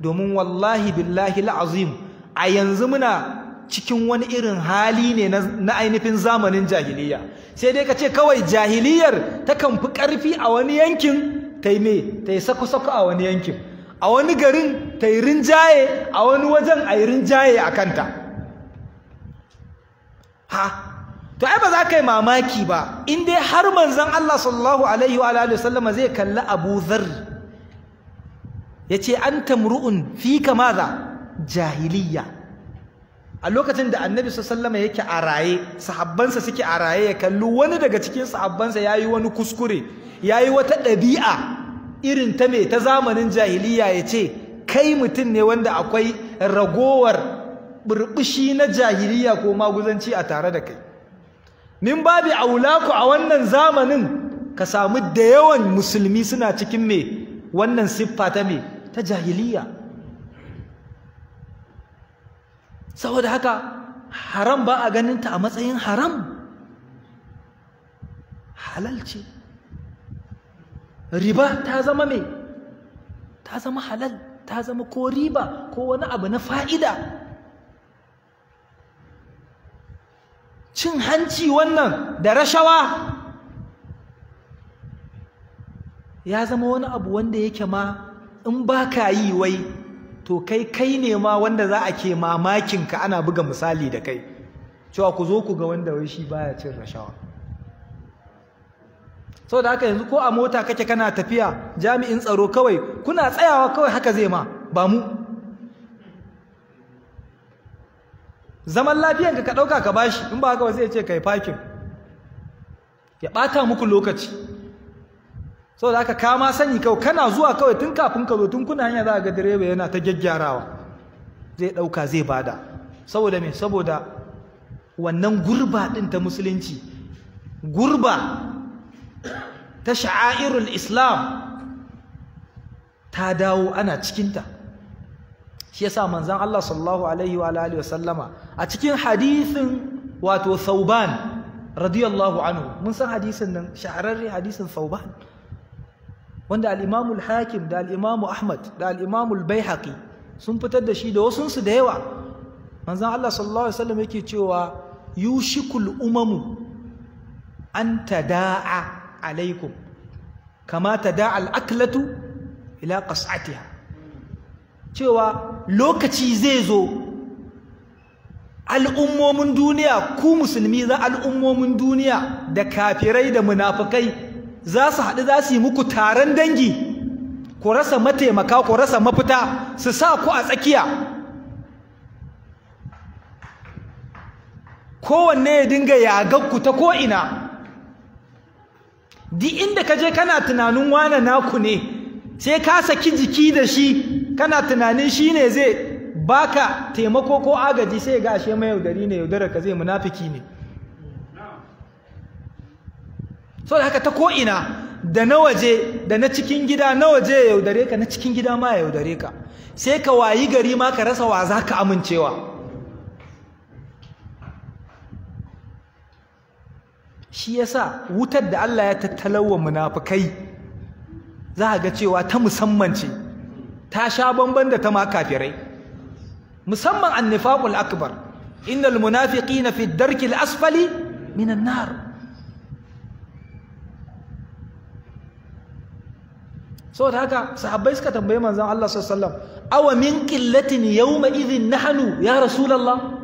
domin wallahi billahi la'azim a yanzu muna cikin wani irin hali ne na ainihin zamanin jahiliya sai dai ka ce kawai jahiliyar takan fi karfi a wani yankin ta yi me ta yi sako a wani yankin a wani garin ta yi rinjaye a wani wajen a yi rinjaye a kanta ha to ai ba za ka yi mamaki ba in dai har manzan Allah sallallahu alaihi wa alihi sallama zai kalli Abu Dharr an tamru'un fi kama za jahiliyya a lokacin da annabi sallama yake a raye sahabbansa suke a raye ya kalli wani daga cikin sahabbansa ya yi wani kuskure ya yi wata ɗabi'a irin ta mai ta zamanin jahiliya ya ce kai mutum ne wanda akwai ragowar burbushi na jahiliya ko maguzanci a tare da kai min babi aulaku a wannan zamanin ka samu da yawan musulmi suna cikin me wannan siffa ta me ta jahiliya saboda haka haram ba a ganinta a matsayin haram halal ce riba ta zama mai ta zama halal ta zama ko riba ko wani abu na fa'ida cin hanci wannan da rashawa ya zama wani abu wanda yake ma in ba ka yi wai to kai kai ne ma wanda za a ke mamakinka ana buga misali da kai cewa ku zo ku ga wanda wai shi baya cin rashawa saboda haka yanzu ko a mota kake kana tafiya jami'in tsaro kawai kuna tsayawa kawai haka zai ma ba mu zaman lafiyanka ka ɗauka ka bashi in ba haka ba zai ce ka yi fakin ya ɓata muku lokaci saboda haka ka ma sani kawai kana zuwa kawai tun kafin ka zo tun kuna hanya za a ga direba yana ta gyaggyarawa zai ɗauka zai bada saboda me saboda wannan gurba ɗin ta musulunci gurba ta sha'airul islam ta dawo ana cikinta shi yasa manzon Allah sallallahu alaihi wa alihi wa sallama a cikin hadisin wato Thauban radiyallahu anhu mun san hadisin nan shahararre hadisin Thauban wanda al-Imam al-Hakim da al-Imam Ahmad da al-Imam al-Baihaqi sun fitar da shi da wasun su da yawa manzan Allah sallallahu alaihi wa sallam yake cewa yushikul umamu an tadaa alaikum kama ta da al'aklatu ila ƙasatiha cewa lokaci zai zo al'ummomin duniya ku musulmi za al'ummomin duniya da kafirai da munafukai za su haɗu za su yi muku taron dangi ku rasa mataimaka ku rasa mafita su sa ku a tsakiya kowanne ya dinga yagar ku ta ko'ina Di inda ka je kana tunanin wane naku ne sai ka saki jiki da shi kana tunanin shi ne zai baka taimako ko agaji sai ga ashe mai yaudari ne yaudarar zai munafiki ne so da haka ta ko'ina da na waje da na cikin gida na waje ya yaudare ka na cikin gida ma ya yaudare ka sai ka wayi gari ma ka rasa wa za ka amincewa shi yasa wutar da Allah ya tattalawa munafukai za a ga cewa ta musamman ce ta sha bamban da ta ma kafirai musamman annifaqul akbar innal munafiqina fi darkil asfali minan nar saboda haka sahabbai suka tambayi manzon Allah sallallahu alaihi wasallam aw min qillatin yawma idhin nahnu ya rasulullah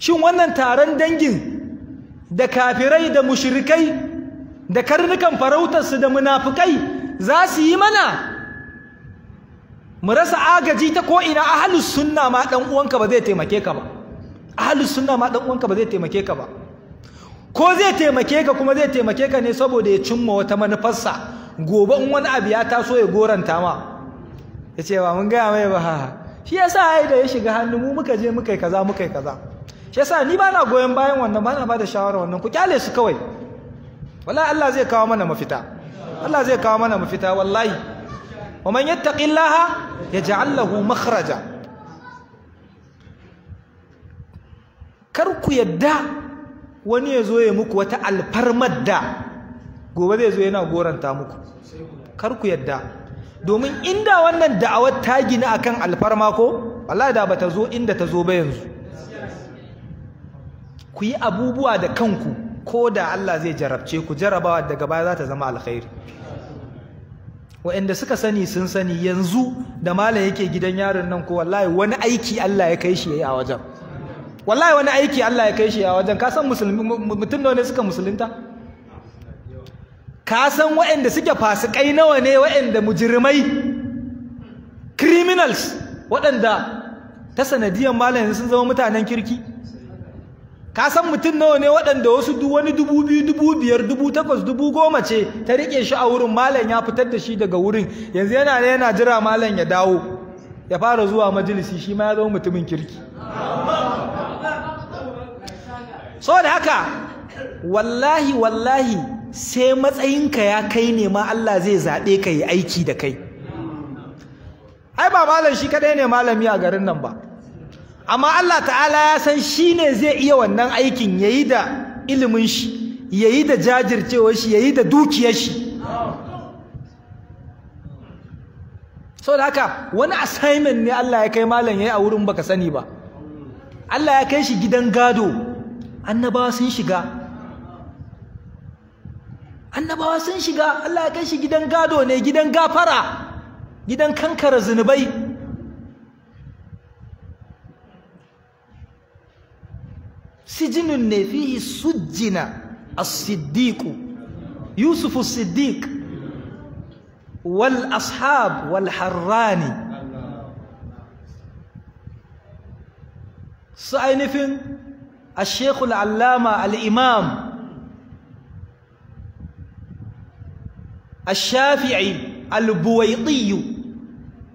shin wannan taron dangin da kafirai da mushirikai, da karnukan farautarsu da munafukai za su yi mana mu rasa agaji ta ko'ina ahalus sunna ma ɗan uwanka ba zai taimake ka ba ahalus sunna ma ɗan uwanka ba zai taimake ka ba ko zai taimake ka kuma zai taimake ka ne saboda ya cimma wata manufarsa gobe in wani abu ya taso ya goranta ma ya ce ba mun gaya mai ba shi yasa ai da ya shiga hannu mu muka je muka yi kaza muka yi kaza shi yasa ni ba na goyon bayan wannan ba na ba da shawara wannan ku kyale su kawai wallahi Allah zai kawo mana mafita Allah zai kawo mana mafita wallahi wa man yattaqillaha yaj'al lahu makhraja kar ku yadda wani ya zo ya muku wata alfarmar da gobe zai zo yana goranta muku kar ku yadda domin inda wannan da'awar ta gina akan alfarma ko wallahi da bata zo inda ta zo ba yanzu ku yi abubuwa da kanku ko da Allah zai jarabce ku jarabawa daga baya za ta zama alkhairi wa'anda suka sani sun sani yanzu da malam yake gidan yaron nan ko wallahi wani aiki Allah ya kai shi yayi a wajen wallahi wani aiki Allah ya kai shi a wajen ka san musulmi mutum nawa ne suka musulunta ka san wa'anda suke fasikai nawa ne wa'anda mujrimai criminals waɗanda ta sanadiyar malam sun zama mutanen kirki ka san mutum nawa ne waɗanda wasu duk wani dubu biyu dubu biyar dubu takwas dubu goma ce ta riƙe shi a wurin malam ya fitar da shi daga wurin yanzu yana ne yana jira malam ya dawo ya fara zuwa majalisi shi ma ya zama mutumin kirki So da haka wallahi wallahi sai matsayinka ya kai ne ma Allah zai zaɓe ka yi aiki da kai ai ba malam shi kadai ne malami a garin nan ba amma Allah ta'ala ya san shi ne zai iya wannan aikin ya yi da ilimin shi ya yi da jajircewa shi ya yi da dukiyar shi so da haka wani assignment ne Allah ya kai malam ya yi a wurin baka sani ba Allah ya kai shi gidan gado annabawa sun shiga annabawa sun shiga Allah ya kai shi gidan gado ne gidan gafara gidan kankara zunubai sijinin ne fihi sujjina as yusuf as-siddiq wal ashab wal harrani su ainihin a shekul allama al’imam a shafi’i albuwaiɗiyu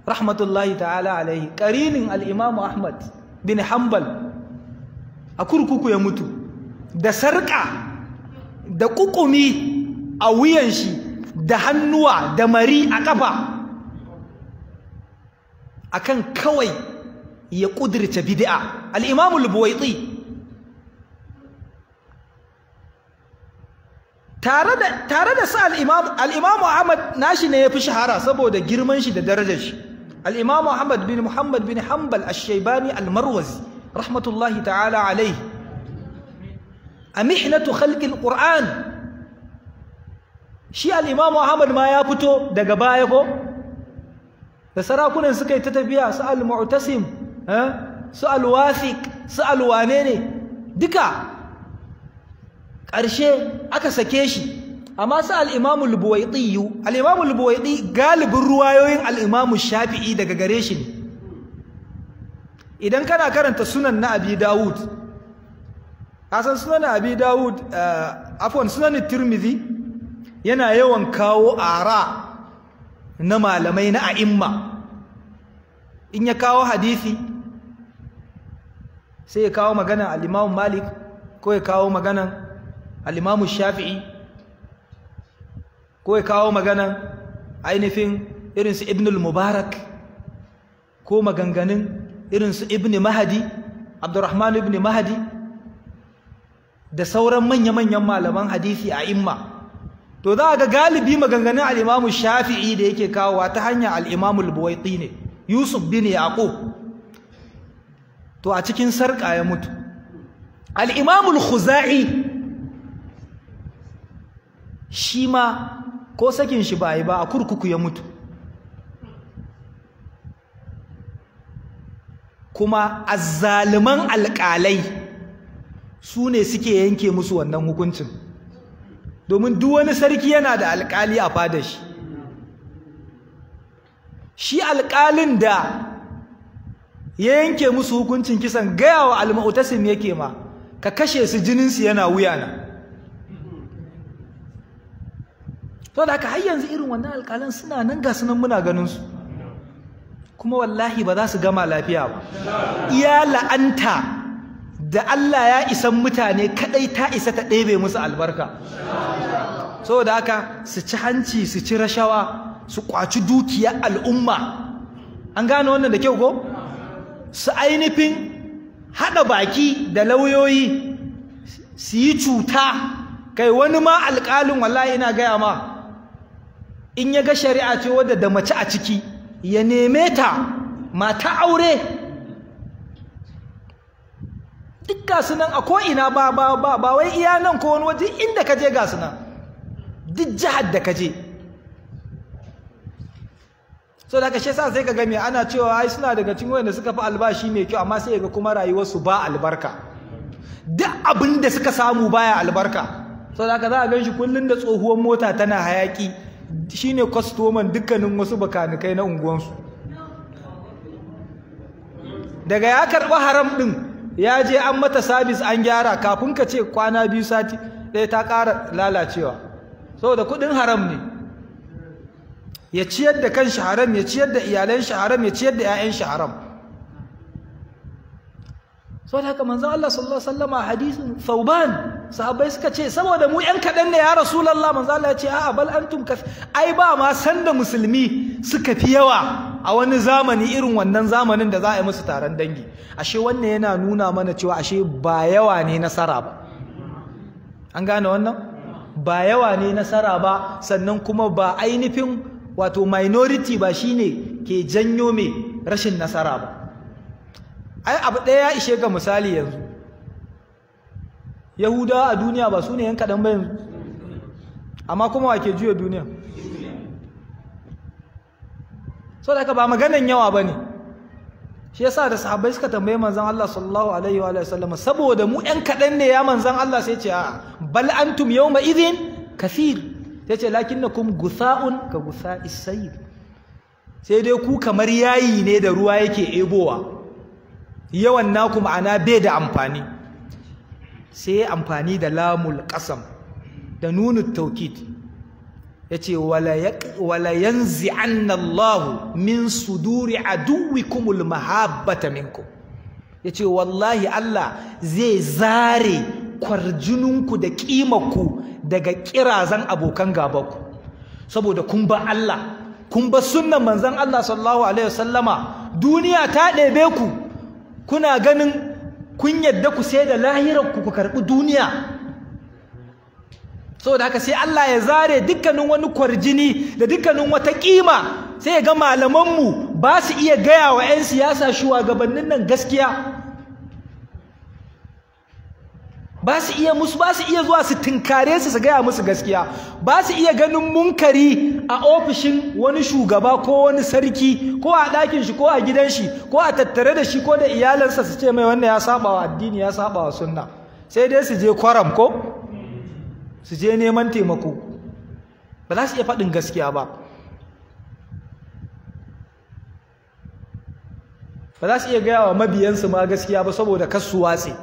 rahmatullahi ta’ala alaihi ƙarinin al’imamu ahmad bin hambal. a kurkuku ya mutu da sarƙa da ƙuƙumi a wuyan shi da hannuwa da mari a ƙafa akan kawai ya ƙudurta bid'a al-imamu al-buwaiti tare da tare da sa al-imam al-imamu ahmad nashi ne yafi shahara saboda girman shi da darajar shi al-imamu ahmad bin muhammad bin hanbal ash-shaybani al-marwazi rahmatullahi ta'ala alai a mihnatu khalqil ahmad ma ya fito daga baya ko da sarakunan suka ta tafiya su al-mu'tasim su ne duka ƙarshe aka sake shi amma su al'imamu galibin ruwayoyin al'imamu shafi'i daga gare shi ne idan kana karanta sunan na abi dawud kasan sunan abi dawud eh, afwan sunan tirmidhi yana yawan kawo ara na malamai na a'imma in ya kawo Hadithi, sai ya kawo magana al'imamu malik ko ya kawo magana al'imamu shafi'i ko ya kawo magana ainihin irinsu Ibnul mubarak ko maganganun irin su ibn mahadi abdurrahman ibn mahadi da sauran manya-manyan malaman hadisi a imma to za a ga galibi maganganun al'imamu shafi'i da yake kawowa ta hanyar al'imamu buwaiti ne yusuf bin yaƙo to a cikin sarƙa ya mutu al'imamu khuza'i shi ma ko sakin shi ba yi ba a kurkuku ya mutu kuma azzaliman alƙalai su ne suke yanke musu wannan hukuncin domin duk wani sarki yana da alƙali a fada shi shi alƙalin da ya yanke musu hukuncin kisan gaya wa almautasim yake ma ka kashe su jininsu yana wuya na. to da haka har yanzu irin wannan alƙalin suna nan ga sunan muna ganin su kuma wallahi ba za su gama lafiya ba iya la'anta da Allah ya isan mutane kaɗai ta isa ta ɗebe musu albarka saboda haka su ci hanci su ci rashawa su kwaci dukiya al'umma an gano wannan da kyau ko su ainihin haɗa baki da lauyoyi su yi cuta kai wani ma alƙalin wallahi ina gaya ma in ya ga shari'a ce wadda da mace a ciki ya neme ta mata aure duk gasu nan a ko'ina ba ba ba ba wai iya nan ko wani waje inda ka je gasu nan duk jihar da ka je so da kashe sa sai ka gami ana cewa ai suna daga cikin wanda suka fi albashi mai kyau amma sai ga kuma rayuwarsu ba albarka duk abin da suka samu baya albarka so da ka za a gan shi kullum da tsohuwan mota tana hayaki shine kwastoman dukkanin wasu bakanikai na unguwansu daga ya karɓi haram ɗin ya je an mata sabis an gyara kafin ka ce kwana biyu sati ɗaya ta ƙara lalacewa saboda kuɗin haram ne ya ciyar da kan shi haram ya ciyar da iyalan shi haram ya ciyar da 'ya'yan shi haram saboda haka manzon Allah sallallahu alaihi wasallam hadisin Thauban sahabbai suka ce saboda mu yan kadan ne ya Rasulullah manzon Allah ya ce a'a bal antum kas ai ba ma san da musulmi suka fi yawa a wani zamani irin wannan zamanin da za a yi musu taron dangi ashe wannan yana nuna mana cewa ashe ba yawa ne nasara ba an gane wannan ba yawa ne nasara ba sannan kuma ba ainihin wato minority ba shine ke janyo mai rashin nasara ba ai abu ɗaya ya ishe ga misali yanzu yahudawa a duniya ba su ne yan kaɗan ba yanzu amma kuma wa ke juya duniya so da ba maganan yawa ba ne shi yasa da sahabbai suka tambaye manzan Allah sallallahu alaihi wa sallam saboda mu ƴan kaɗan ne ya manzan Allah sai ce a bal antum yawma idhin kathir sai ce lakinnakum gutha'un ka gutha'is sayyid sai dai ku kamar yayi ne da ruwa yake ebowa yawan naku ma'ana bai da amfani sai ya amfani da lamul qasam da nunu taukid yace wala wala yanzi'anna Allah min suduri aduwikumul mahabbata minkum yace wallahi Allah zai zare kwarjininku da kimaku daga kirazan abokan gabanku saboda kun ba Allah kun ba sunnan manzon Allah sallallahu alaihi wasallama duniya ta ɗebe ku kuna ganin kun yadda ku sai da lahirar ku ku karɓi duniya saboda haka sai Allah ya zare dukkanin wani kwarjini da dukkanin wata kima sai ya ga malamanmu ba su iya gaya wa 'yan siyasa shugabannin nan gaskiya ba su iya musu ba su iya zuwa su tinkare su su gaya musu gaskiya ba su iya ganin munkari a ofishin wani shugaba ko wani sarki ko a ɗakin shi ko a gidan shi ko a tattare da shi ko da iyalansa su ce mai wannan ya saba wa addini ya saba wa sunna sai dai su je kwaram ko su je neman taimako ba za su iya faɗin gaskiya ba ba za su iya gaya wa mabiyansu ma gaskiya ba saboda kar su watse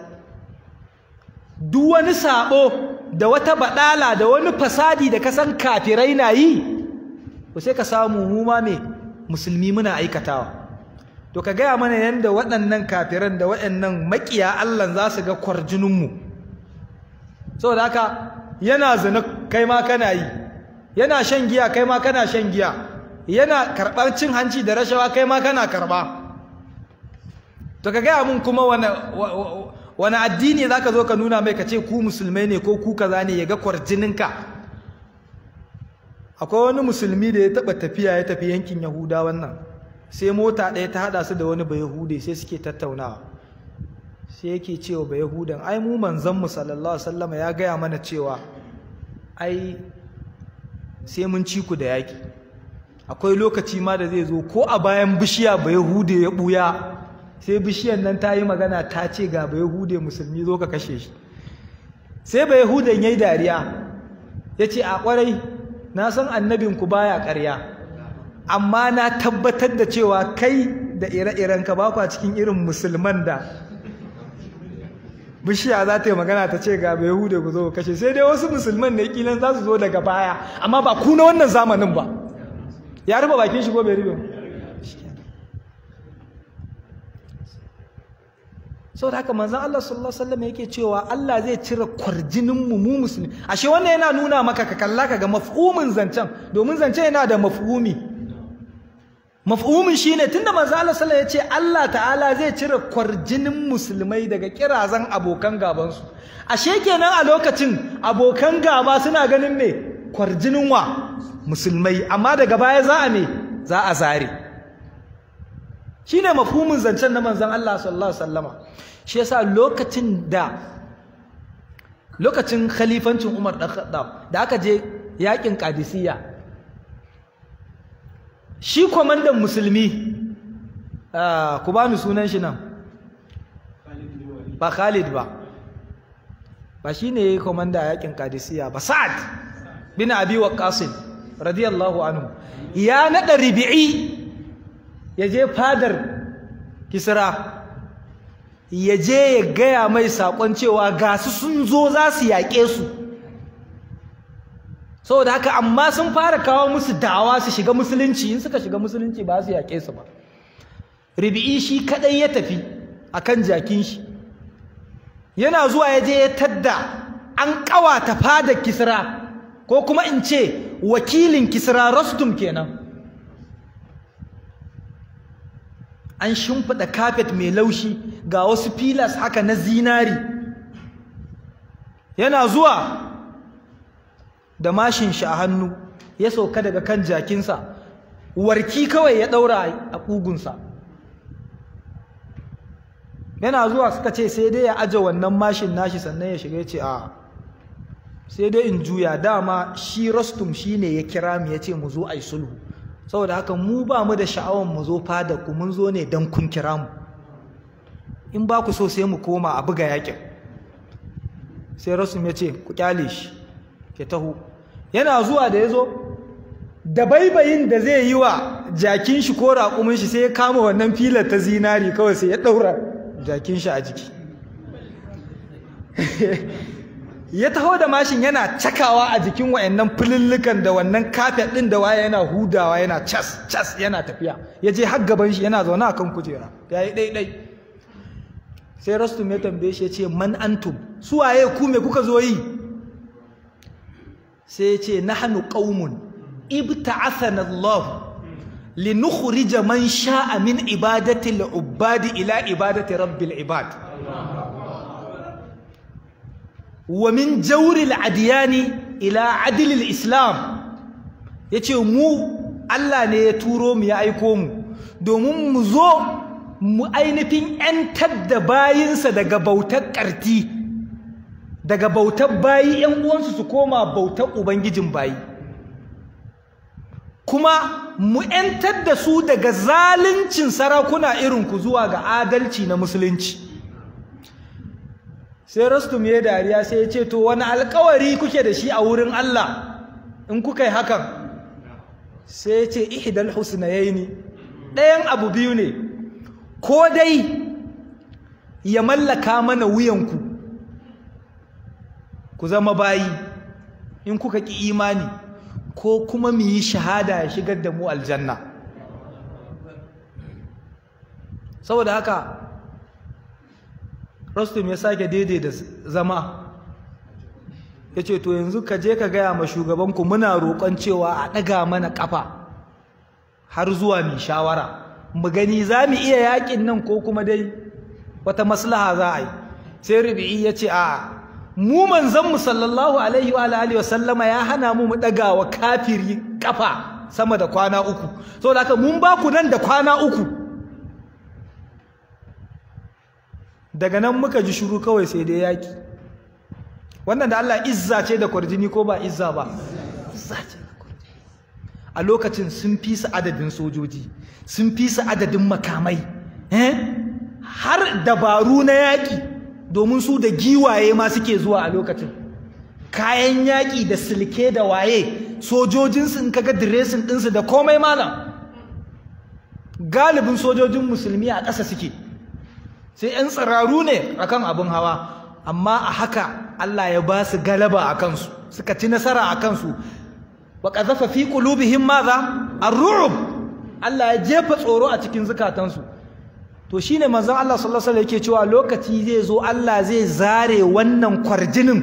duk wani sabo da wata baɗala da wani fasadi da ka san kafirai na yi to sai ka samu mu ma musulmi muna aikatawa to ka gaya mana yadda waɗannan kafiran da waɗannan maƙiya Allah za su ga kwarjininmu saboda haka yana zina kai ma kana yi yana shan giya kai ma kana shan giya yana karɓar cin hanci da rashawa kai ma kana karɓa to ka gaya min kuma wani addini zaka zo ka nuna mai kace ku musulmai ne ko ku kaza ne ya ga kwarjininka akwai wani musulmi da ya taba tafiya ya tafi yankin yahuda wannan sai mota ɗaya ta haɗa su da wani bayahude sai suke tattaunawa sai yake cewa bayahudan ai mu Manzon mu sallallahu alaihi wasallama ya gaya mana cewa ai sai mun ci ku da yaki akwai lokaci ma da zai zo ko a bayan bishiya bayahude ya buya sai bishiyar nan ta yi magana ta ce ga bai hude musulmi zo ka kashe shi sai bai hudan ya yi dariya ya ce a kwarai na san annabinku baya karya amma na tabbatar da cewa kai da ire-iren ka bakwa cikin irin musulman da bishiya za ta yi magana ta ce ga bai hude ku zo kashe sai dai wasu musulman ne kilan za su zo daga baya amma ba ku na wannan zamanin ba ya rufe bakin shi ko bai rufe Sau da haka manzan Allah sallallahu alaihi wasallam yake cewa Allah zai cire kwarjinin mu musulmi ashe wannan yana nuna maka ka kalla ka ga mafhumin zancen domin zancen yana da mafhumi mafhumin shine tunda manzon Allah sallallahu alaihi wasallam Allah ta'ala zai cire kwarjinin musulmai daga kirazan abokan gabansu. su ashe kenan a lokacin abokan gaba suna ganin me kwarjinin wa musulmai amma daga baya za a me za a zare shine mafhumin zancen na manzon Allah sallallahu alaihi wasallama shi yasa lokacin da lokacin khalifancin Umar dan Khattab da aka je yakin Qadisiyya shi komandan musulmi ku bani sunan shi nan ba Khalid ba ba shine komanda yakin Qadisiyya ba Sa'ad bin Abi Waqqas radiyallahu anhu ya nada ribi'i ya je fadar kisra ya je ya gaya mai saƙon cewa ga su sun zo za su yaƙe su saboda haka amma sun fara kawo musu dawa su shiga musulunci in suka shiga musulunci ba su yaƙe su ba ribi'i shi kaɗai ya tafi a kan jakin shi yana zuwa ya je ya tadda an ƙawata fadar kisra ko kuma in ce wakilin kisra rastum kenan an shimfiɗa kafet mai laushi ga wasu filas haka na zinari yana zuwa da mashin shi a hannu ya sauka daga kan jakinsa warki kawai ya ɗaura a ƙugunsa yana zuwa suka ce sai dai ya aje wannan mashin nashi sannan ya shiga ya ce a sai dai in juya dama shi rostum shi ne ya kira mu ya ce mu zo a yi sulhu saboda haka mu ba mu da sha'awar mu zo fada ku mun zo ne don kun kira mu in ba ku so sai mu koma a buga yakin sai rasum ya ce ku kyale shi ke taho yana zuwa da ya zo da baibayin da zai yi wa jakin shi ko raƙumin shi sai ya kama wannan filar ta zinari kawai sai ya ɗaura jakin shi a jiki ya taho da mashin yana cakawa a jikin wayannan fulullukan da wannan kafet din da waye yana hudawa yana chas chas yana tafiya ya je har gaban shi yana zaune kan kujera ya yi ɗaiɗai sai rastum ya tambaye shi ya ce man antum su waye ku me kuka zo yi sai ya ce nahnu qaumun ibta'athana Allah linukhrija man sha'a min ibadati al ubadi ila ibadati rabbil ibad wa min jawril adiyani ila adilil islam yace mu Allah ne ya turo mu ya aiko mu domin mu zo mu ainihin ‘yantar da bayinsa daga bautar ƙarti daga bautar bayi ƴan uwansu su koma bautar Ubangijin bayi kuma mu ‘yantar da su daga zaluncin sarakuna irin ku zuwa ga adalci na musulunci sai rastum ya dariya sai ya ce to wani alkawari kuke da shi a wurin Allah in kuka yi hakan sai ya ce ya yi ni. ɗayan abu biyu ne ko dai ya mallaka mana wuyanku ku zama bayi in kuka ki imani ko kuma mu yi shahada ya shigar da mu aljanna saboda haka rostum ya sake daidai da zama ya ce to yanzu ka je ka gaya ma shugabanku muna roƙon cewa a ɗaga mana ƙafa har zuwa mai shawara mu gani za mu iya yaƙin nan ko kuma dai wata maslaha za a yi sai rubi'i ya ce a mu mu sallallahu alaihi wa alihi wa sallama ya hana mu mu ɗaga wa kafiri ƙafa sama da kwana uku saboda haka mun ba ku nan da kwana uku daga nan muka ji shuru kawai sai dai yaki wannan da Allah izza ce da kwarjini ko ba izza ba izza ce da kwarjini a lokacin sun fi su adadin sojoji sun fi su adadin makamai eh? har dabaru na yaki domin su da giwaye ma suke zuwa a lokacin kayan yaki da silke da waye sojojinsu in kaga diresin ɗinsu da komai malam galibin sojojin musulmi a ƙasa suke sai yan tsiraru ne akan abin hawa amma a haka Allah ya ba su galaba a kansu suka ci nasara a kansu wa qadhafa fi qulubihim maza ar-ru'b Allah ya jefa tsoro a cikin zukatansu to shine manzon Allah sallallahu alaihi wasallam yake cewa lokaci zai zo Allah zai zare wannan kwarjinin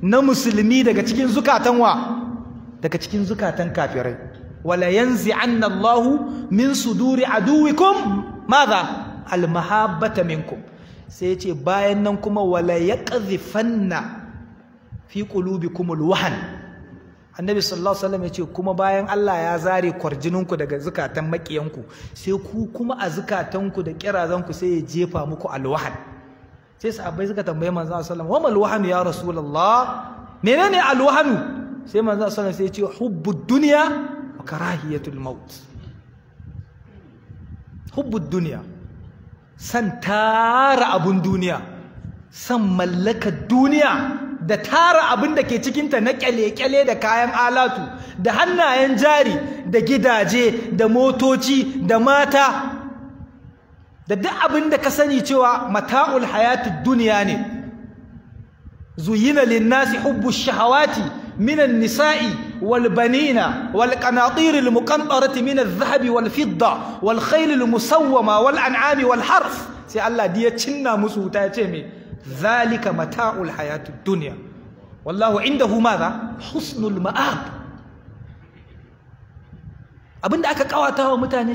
na musulmi daga cikin zukatan kafirai wala yanzi anna Allahu min suduri aduwikum maza. almahabbata minkum sai ce bayan nan kuma wala yaqdhifanna fi qulubikum alwahan annabi sallallahu alaihi wasallam yace kuma bayan Allah ya zare kwarjininku daga zukatan makiyanku sai ku kuma a zukatanku da kirazanku sai ya jefa muku alwahan sai sahabbai suka tambaye manzo sallallahu alaihi wasallam wa mal wahanu ya rasulullah menene alwahanu sai manzo sallallahu alaihi wasallam sai ya ce hubbud dunya wa karahiyatul maut hubbud dunya san tara abun duniya san mallakar duniya da tara abin da ke cikinta na kyale-kyale da kayan alatu da hannayen jari da gidaje da motoci da mata da duk abin da ka sani cewa mata'ul hayati duniya ne zuyina linnasi hubbu shahawati minan nisa'i والبنين والقناطير المقنطرة من الذهب والفضة والخيل المسومة والأنعام والحرف سي الله دي تشنا مسوتا تشمي ذلك متاع الحياة الدنيا والله عنده ماذا حسن المآب أبن أكا كواتا ومتا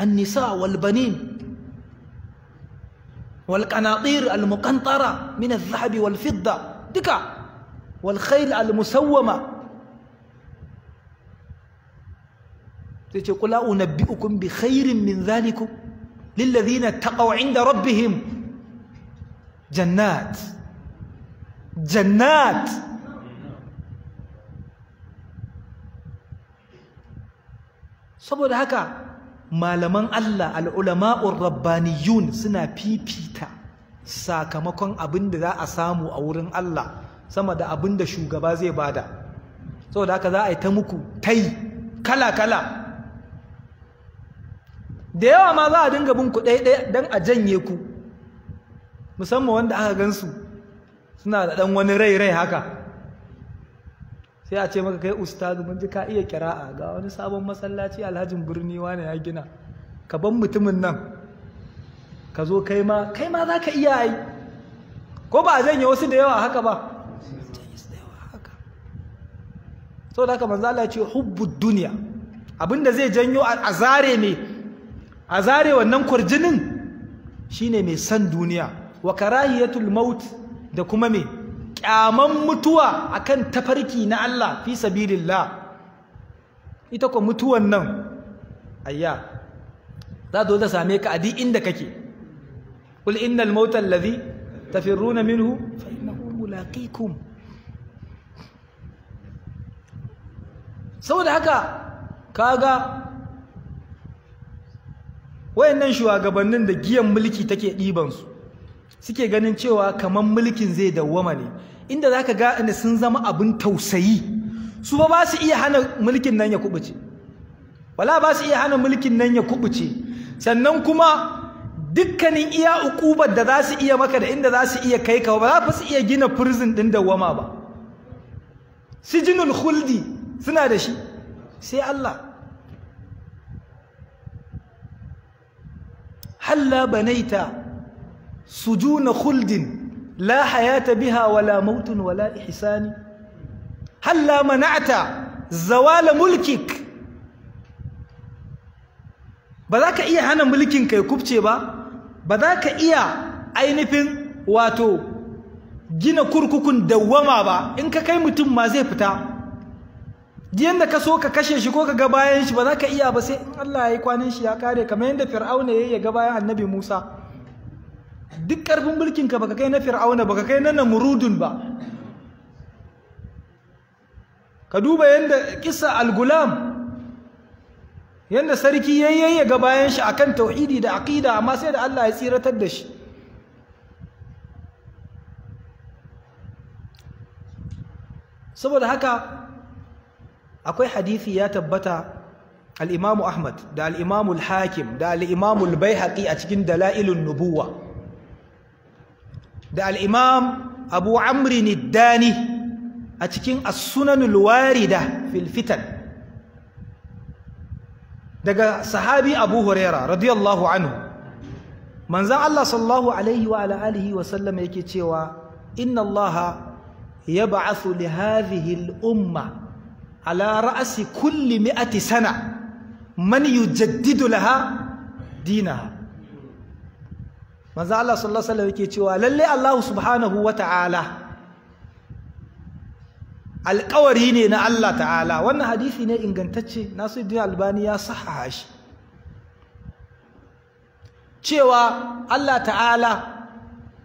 النساء والبنين والقناطير المقنطرة من الذهب والفضة دكا والخيل المسومة sai ce kula unabbi'ukum bi khairin min zalikum lilladhina taqaw 'inda rabbihim jannat jannat saboda haka malaman Allah al'ulama'ur rabbaniyun suna fifita sakamakon abin da za a samu a wurin Allah sama da abin da shugaba zai bada da haka za a yi ta muku tai kala-kala da yawa ma za a dinga bin ku ɗaiɗai don a janye ku musamman wanda aka gansu suna da ɗan wani rai-rai haka sai a ce maka kai ustazu mun ji ka iya kira'a ga wani sabon masallaci alhajin birni wane ya gina ka ban mutumin nan ka zo kai ma kai ma za ka iya yi ko ba a janye wasu da yawa haka ba saboda haka manzo Allah ya ce hubbud dunya abinda zai janyo a zare ne a zare wannan kurjinin shine mai san duniya wa karahiyatul maut da kuma mai kyaman mutuwa akan tafarki na Allah fi sabilillah ita ko mutuwan nan ayya za zo ta same ka a duk inda kake qul innal mauta allazi tafirruna minhu fa innahu mulaqikum saboda haka kaga wayannan shugabannin da giyan mulki take ɗibansu suke ganin cewa kamar mulkin zai dawwama ne inda za ka ga inda sun zama abin tausayi su ba ba su iya hana mulkin nan ya kubuce wala ba su iya hana mulkin nan ya kubuce sannan kuma dukkanin iya ukubar da za su iya maka da inda za su iya kai ka ba za su iya gina prison din dawwama ba sijinul khuldi suna da shi sai Allah halla banaita sujuna khuldin la hayata biha wala mautun wala ihsani halla mana'ta zawala mulkik ba za ka iya hana mulkin kai kubce ba ba za ka iya ainihin wato gina kurkukun dawwama ba in ka kai mutum ma zai fita diyan da ka so ka kashe shi ko ka ga bayan shi ba za ka iya ba sai in Allah ya yi kwanan shi ya kare kamar yadda fir'auna ya yi ga bayan annabi Musa duk ƙarfin mulkin ka baka kai na fir'auna baka kai na namurudun ba ka duba yadda kisa al-gulam yadda sarki ya yayye ga bayan shi akan tauhidi da aqida amma sai da Allah ya tsiratar da shi saboda haka akwai hadisi ya tabbata Al'imamu Ahmad da Al'imamu imam hakim da Al'imamu imam a cikin Dalailun Nubuwa da Al'imam Abu Amr dani a cikin asunanul warida filfitan daga sahabi Abu Huraira radiyallahu anhu manzon Allah sallallahu alaihi wa yake cewa inna Allah yab'athu li hadhihi al-umma ala ra'asi kulli mi'ati sana man yujaddidu laha dinaha manzo Allah sallallahu alaihi wasallam yake cewa lalle Allah subhanahu wa ta'ala alƙawari ne na Allah ta'ala wannan hadisi ne ingantacce Nasiruddin Albani ya sahaha shi cewa Allah ta'ala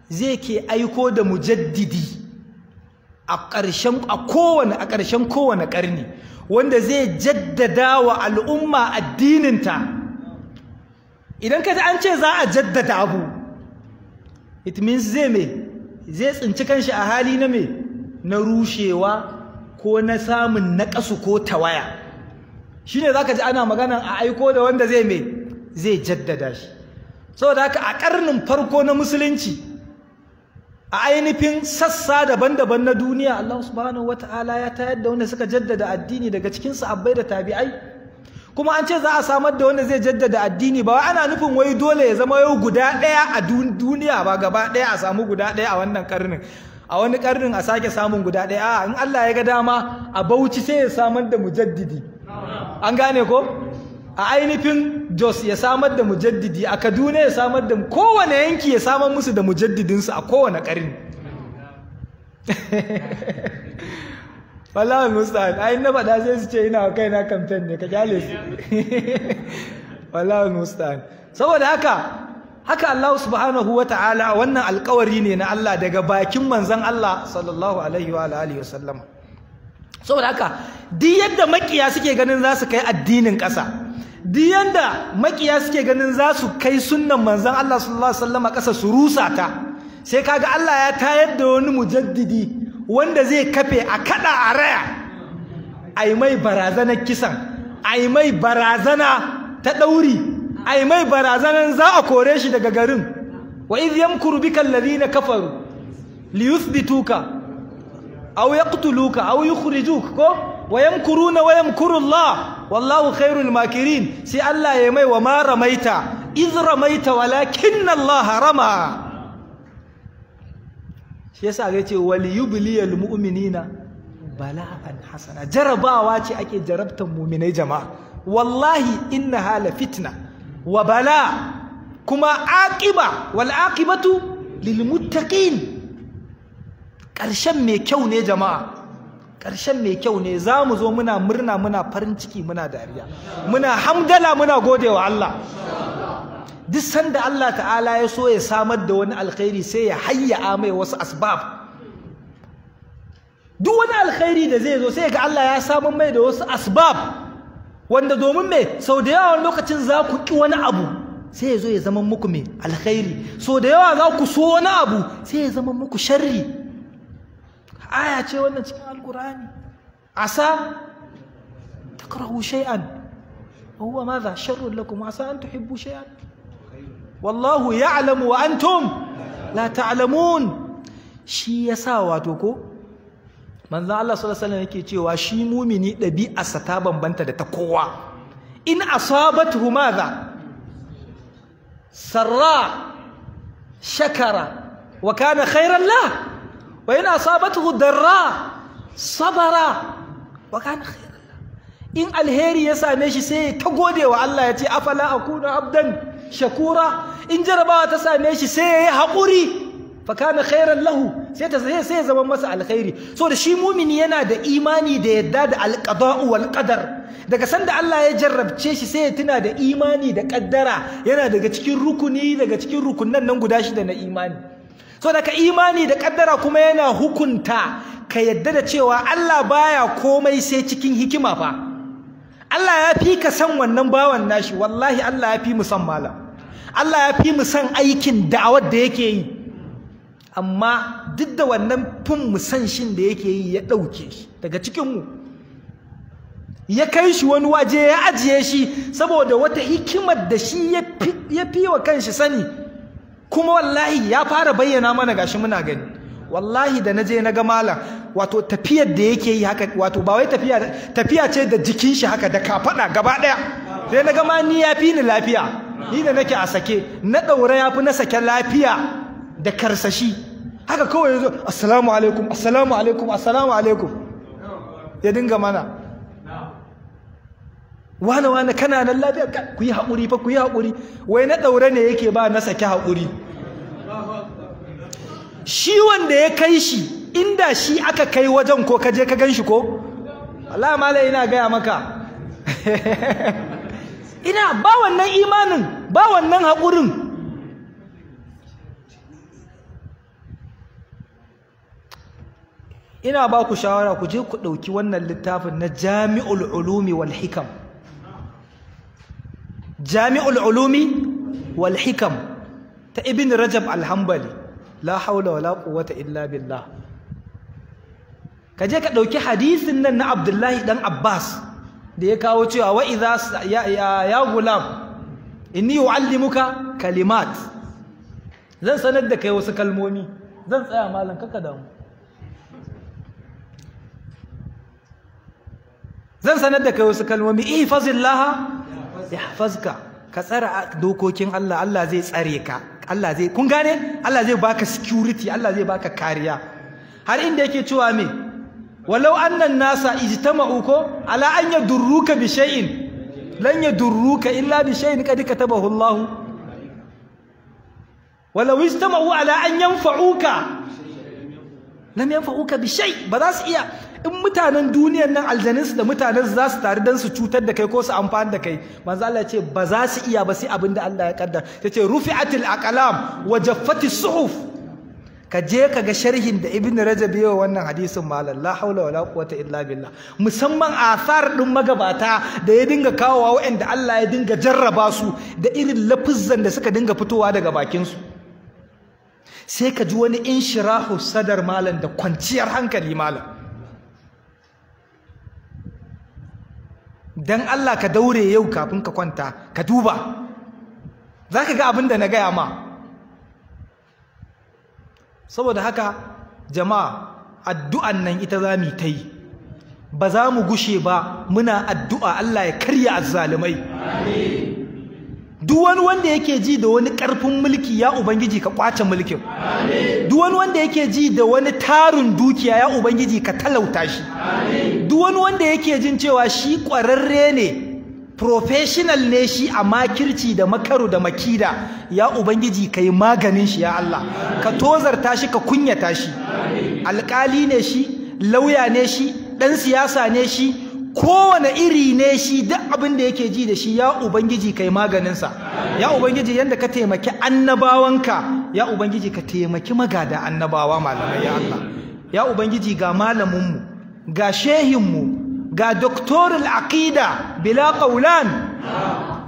zai ke aiko da mujaddidi a ƙarshen a kowane a ƙarshen kowane ƙarni wanda zai jaddada wa al'umma addininta idan ka ji an ce za a jaddada abu it means zai me zai tsinci kanshi a hali na me na rushewa ko na samun naƙasu ko tawaya shine ka ji ana magana a aiko da wanda zai me zai jaddada shi saboda haka a ƙarnin farko na musulunci a ainihin sassa daban-daban na duniya Allah subhanahu wata'ala ya tayar da wanda suka jaddada addini daga cikin sahabbai da tabi'ai kuma an ce za a samar da wanda zai jaddada addini ba wai ana nufin wai dole ya zama yau guda ɗaya a duniya ba gaba ɗaya a samu guda ɗaya a wannan karnin a wani karnin a sake samun guda ɗaya a in Allah ya ga dama a bauchi sai ya samar da mujaddidi an gane ko a ainihin Jos ya samar da mujaddidi a Kaduna ya samar da kowane yanki ya samar musu da mujaddidinsu a kowane ƙarin. wallahi musta'an ai na faɗa sai su ce ina wa kaina kamfen ne ka kyale su wallahi musta'an saboda haka haka Allah subhanahu wa ta'ala wannan alkawari ne na Allah daga bakin manzan Allah sallallahu alaihi wa alihi wa sallama. saboda haka duk yadda makiya suke ganin za su kai addinin ƙasa duk yanda makiya suke ganin za su kai sunnan manzon Allah sallallahu alaihi wasallam ƙasa su rusa ta sai kaga Allah ya tayar da wani mujaddidi wanda zai kafe a kada a raya ai mai barazanar kisan ai mai barazana ta dauri ai mai barazanar za a kore shi daga garin wa idh yamkuru bika Bituka, kafaru liyuthbituka aw yaqtuluka aw yukhrijuka ko Wayan kuru na kurun la wallahu khairul makirin sai Allah ya mai wa ma ramaita iz ramaita walakinallaha rama shi yasa ga ce waliyubliyal mu'minina bala'an hasana jarabawa ce ake jarabtan mu'minai jama'a wallahi innaha la fitna wa bala kuma aqiba wal aqibatu lil muttaqin karshen mai kyau ne jama'a ƙarshen mai kyau ne za mu zo muna murna muna farin ciki muna dariya muna hamdala muna gode wa Allah duk sanda Allah ta'ala ya so ya samar da wani alkhairi sai ya hayya mai wasu asbab duk wani alkhairi da zai zo sai ga Allah ya samar mai da wasu asbab wanda domin mai sau da yawan lokacin za ku ki wani abu sai ya zo ya zama muku mai alkhairi sau da yawa za ku so wani abu sai ya zama muku sharri aya ce wannan cikin alkur'ani asa takrahu shay'an wa huwa madha sharrun lakum asa an tuhibbu shay'an wallahu ya'lamu wa antum la ta'lamun shi yasa wato ko manzo Allah sallallahu alaihi wasallam yake cewa shi mumini ɗabi'arsa ta bambanta da ta kowa in asabathu madha sarra shakara wa kana khairan lahu wa yana sabatuhu darra sabara wa kana khairan in alheri ya same shi sai ta gode wa Allah ya ce afala akuna abdan shakura in jarrabawa ta same shi sai ya yi haƙuri fa kana khairan lahu sai ta sai sai zama masa alheri. so da shi mumini yana da imani da yadda da alqada'u wal qadar daga sanda Allah ya jarrabce shi sai ya tuna da imani da ƙaddara. yana daga cikin rukuni daga cikin rukunan nan guda shida na imani so daga imani da kaddara kuma yana hukunta ka yadda da cewa Allah baya komai sai cikin hikima fa Allah ya fi ka san wannan bawan nashi wallahi Allah ya fi mu san malam Allah ya fi mu san aikin da'awar da yake yi amma duk da wannan fin mu san shin da yake yi ya ɗauke shi daga cikin mu ya kai shi wani waje ya ajiye shi saboda wata hikimar da shi ya fi wa kanshi sani kuma wallahi ya fara bayyana mana gashi muna gani wallahi da na je na ga malam wato tafiyar da yake yi haka wato ba wai tafiya tafiya ce da jikin shi haka da fada gaba daya sai na ga ma ni yafi ni lafiya ni da nake a sake na daura yafi na sake lafiya da karsashi haka kawai yazo assalamu alaikum assalamu alaikum assalamu alaikum ya dinga mana wane wane kana nan lafiya ku yi haƙuri fa ku yi haƙuri wai na ɗaure ne yake ba na sake haƙuri shi wanda ya kai shi inda shi aka kai wajen ko ka je ka gan shi ko Allah ina gaya maka ina ba wannan imanin ba wannan haƙurin ina ba ku shawara ku je ku ɗauki wannan littafin na jami'ul ulumi wal hikam jami'ul ulumi wal hikam ta ibn rajab alhambali la haula wala quwwata illa billah kaje ka dauki hadisin nan na abdullahi dan abbas da ya kawo cewa wa idza ya ya gulam inni uallimuka kalimat zan sanar da kai wasu kalmomi zan tsaya malam kaka damu zan sanar da kai wasu kalmomi ihfazillaha yahfazka ka tsara dokokin Allah Allah zai tsare ka Allah zai kun gane Allah zai baka security Allah zai baka kariya har inda yake cewa me walau annan nasa ijtama'u ko ala an yadurruka bi shay'in lan yadurruka illa bi shay'in qad katabahu Allah walau ijtama'u ala an yanfa'uka lam yanfa'uka bi shay ba za su iya in mutanen duniyan nan aljaninsu da mutanensu za su taru don su cutar da kai ko su amfani da kai manzo Allah ya ce ba za su iya ba sai abin da Allah ya kaddar. ta ce rufi'atil aqlam wa jaffati suhuf ka je ka ga sharhin da ibn rajab yawa wannan hadisin malam la haula wala quwwata illa billah musamman asar din magabata da ya dinga kawowa waɗanda Allah ya dinga jarraba su da irin lafuzzan da suka dinga fitowa daga bakin su sai ka ji wani inshirahu sadar malam da kwanciyar hankali malam Don Allah ka daure yau kafin ka kwanta ka duba za ka ga abin da na gaya ma saboda haka jama'a addu'an nan ita za mu ta yi ba za mu gushe ba muna addu'a Allah ya karya azzalumai amin duk wani wanda yake ji da wani ƙarfin mulki ya ubangiji ka ƙwace mulkin duk wani wanda yake ji da wani tarin dukiya ya ubangiji ka talauta shi duk wani wanda yake jin cewa shi ƙwararre ne professional ne shi a makirci da makaru da makida ya ubangiji ka yi maganin shi ya Allah ka tozarta shi ka kunyata shi alƙali ne shi lauya ne shi ɗan siyasa ne shi kowane iri ne shi duk abin da yake ji da shi ya ubangiji kai maganinsa ya ubangiji yadda ka taimaki annabawanka ya ubangiji ka taimaki magada annabawa malamai ya Allah ya ubangiji ga malaminmu ga shehinmu ga doktorul aqida bila qaulan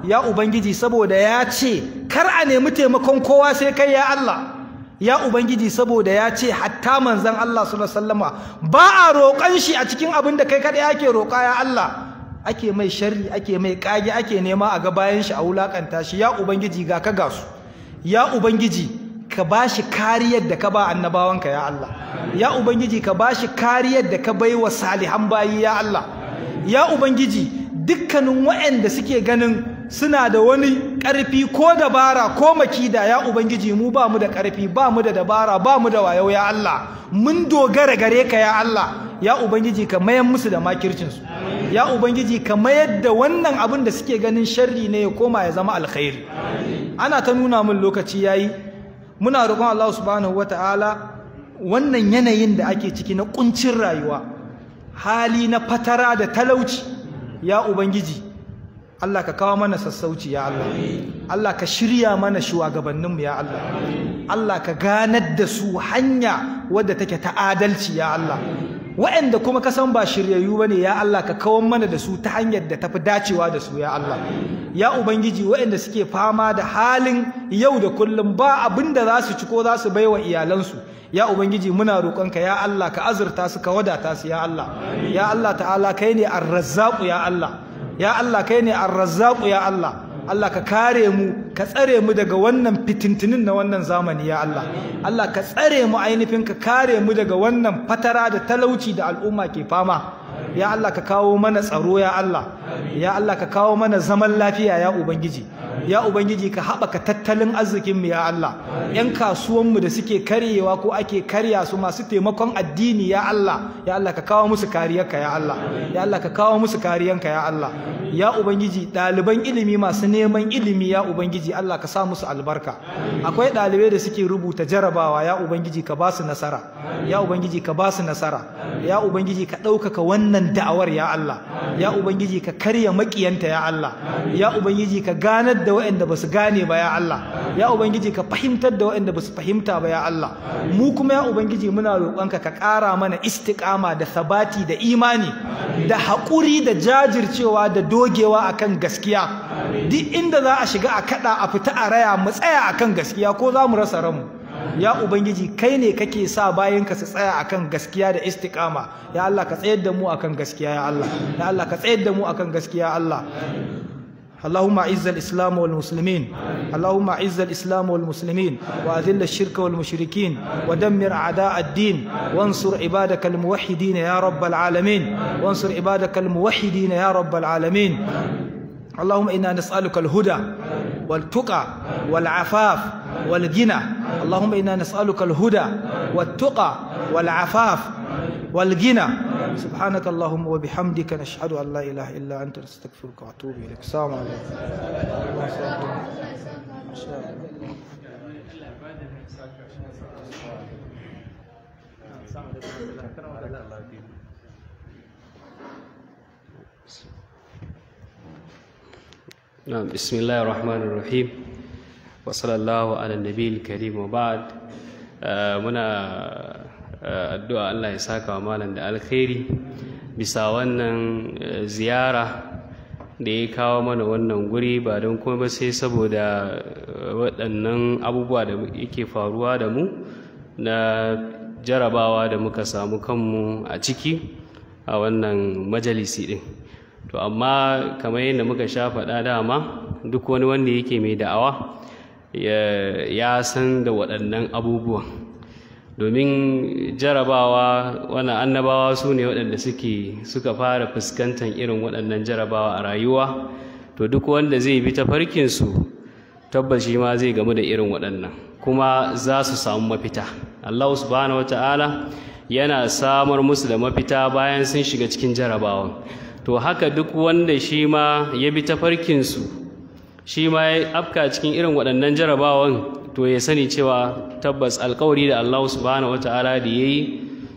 ya ubangiji saboda ya ce kar a nemi taimakon kowa sai kai ya Allah ya ubangiji saboda ya ce hatta manzan Allah sallallahu alaihi ba a roƙan shi a cikin abin da kai kaɗai ake roƙa ya Allah ake mai sharri ake mai ƙage ake nema a ga bayan shi a wulakanta shi ya ubangiji ga ka ga su. ya ubangiji ka ba shi kariyar da ka ba annabawanka ya Allah ya ubangiji ka ba shi kariyar da ka bai wa salihan bayi ya Allah ya ubangiji dukkanin waɗanda suke ganin suna da wani ƙarfi ko dabara ko makida ya ubangiji mu ba mu da ƙarfi ba mu da dabara ba mu da wayo ya Allah mun dogara gare ka ya Allah ya ubangiji ka mayan musu da makircinsu ya ubangiji ka mayar da wannan abin da suke ganin sharri ne ya koma ya zama alkhairi ana ta nuna min lokaci yayi muna roƙon Allah subhanahu wataala wannan yanayin da ake ciki na kuncin rayuwa hali na fatara da talauci ya ubangiji Allah ka kawo mana sassauci ya Allah Allah ka shirya mana shugabanninmu ya Allah Allah ka ganar da su hanya wadda take ta adalci ya Allah waɗanda kuma ka san ba shiryayyu ba ne ya Allah ka kawo mana da su ta hanyar da tafi dacewa da su ya Allah ya Ubangiji waɗanda suke fama da halin yau da kullum ba abin da za su ci ko za su baiwa iyalansu ya Ubangiji muna roƙonka ya Allah ka azurta su ka wadata su ya Allah ya Allah ta'ala kai ne arrazzaku ya Allah ya Allah kai ne ar-razzaq ya Allah Allah ka kare mu ka tsare mu daga wannan fitintinin na wannan zamani ya Allah Allah ka tsare mu ainihin ka kare mu daga wannan fatara da talauci da al'umma ke fama ya Allah ka kawo mana tsaro ya Allah ya Allah ka kawo mana zaman lafiya ya ubangiji ya ubangiji ka haɓaka tattalin arzikinmu ya Allah yan kasuwanmu da suke karyewa ko ake karya su masu taimakon addini ya Allah ya Allah ka kawo musu kariyarka ya Allah ya Allah ka kawo musu kariyanka ya Allah ya ubangiji ɗaliban ilimi masu neman ilimi ya ubangiji ubangiji Allah ka sa musu albarka akwai ɗalibai da suke rubuta jarabawa ya ubangiji ka ba su nasara ya ubangiji ka ba su nasara ya ubangiji ka ɗaukaka wannan da'awar ya Allah ya ubangiji ka karya makiyanta ya Allah ya ubangiji ka ganar da waɗanda ba su gane ba ya Allah ya ubangiji ka fahimtar da waɗanda ba su fahimta ba ya Allah mu kuma ya ubangiji muna roƙonka ka ƙara mana istiƙama da sabati da imani da haƙuri da jajircewa da dogewa akan gaskiya duk inda za a shiga a kada a fita a raya mu tsaya akan gaskiya ko za mu rasa ranmu ya ubangiji kai ne kake sa bayanka su tsaya akan gaskiya da istiqama ya Allah ka tsayar da mu akan gaskiya ya Allah ya Allah ka tsayar da mu akan gaskiya Allah اللهم اعز الاسلام والمسلمين اللهم اعز الاسلام والمسلمين واذل الشرك والمشركين ودمر اعداء الدين وانصر عبادك الموحدين يا رب العالمين وانصر عبادك الموحدين يا رب العالمين اللهم إنا نسألك الهدى والتقى والعفاف والغنى اللهم إنا نسألك الهدى والتقى والعفاف والغنى سبحانك اللهم وبحمدك نشهد أن لا إله إلا أنت نستغفرك وأتوب إليك السلام عليكم السلام عليكم بسم الله الرحمن الرحيم وصلى الله على النبي الكريم muna uh, addu'a Allah ya saka wa malam da alkhairi bisa wannan uh, ziyara da ya kawo mana wannan guri ba don kuma ba sai saboda uh, waɗannan abubuwa da yake faruwa da mu na jarabawa da muka samu kanmu a ciki a wannan majalisi ɗin. to amma kamar yadda muka sha faɗa dama duk wani wanda yake mai da'awa ya san da waɗannan abubuwan domin jarabawa wani annabawa su ne waɗanda suka fara fuskantar irin waɗannan jarabawa a rayuwa to duk wanda zai bi tafarkinsu tabbas shi ma zai gamu da irin waɗannan kuma za su samu mafita allah subhanahu wata'ala yana samar musu da mafita bayan sun shiga cikin jarabawan to haka duk wanda shi ma ya bi tafarkinsu shi ma ya afka cikin irin waɗannan jarabawan to ya sani cewa tabbas alkawari da Allah subhanahu wataala da ya yi,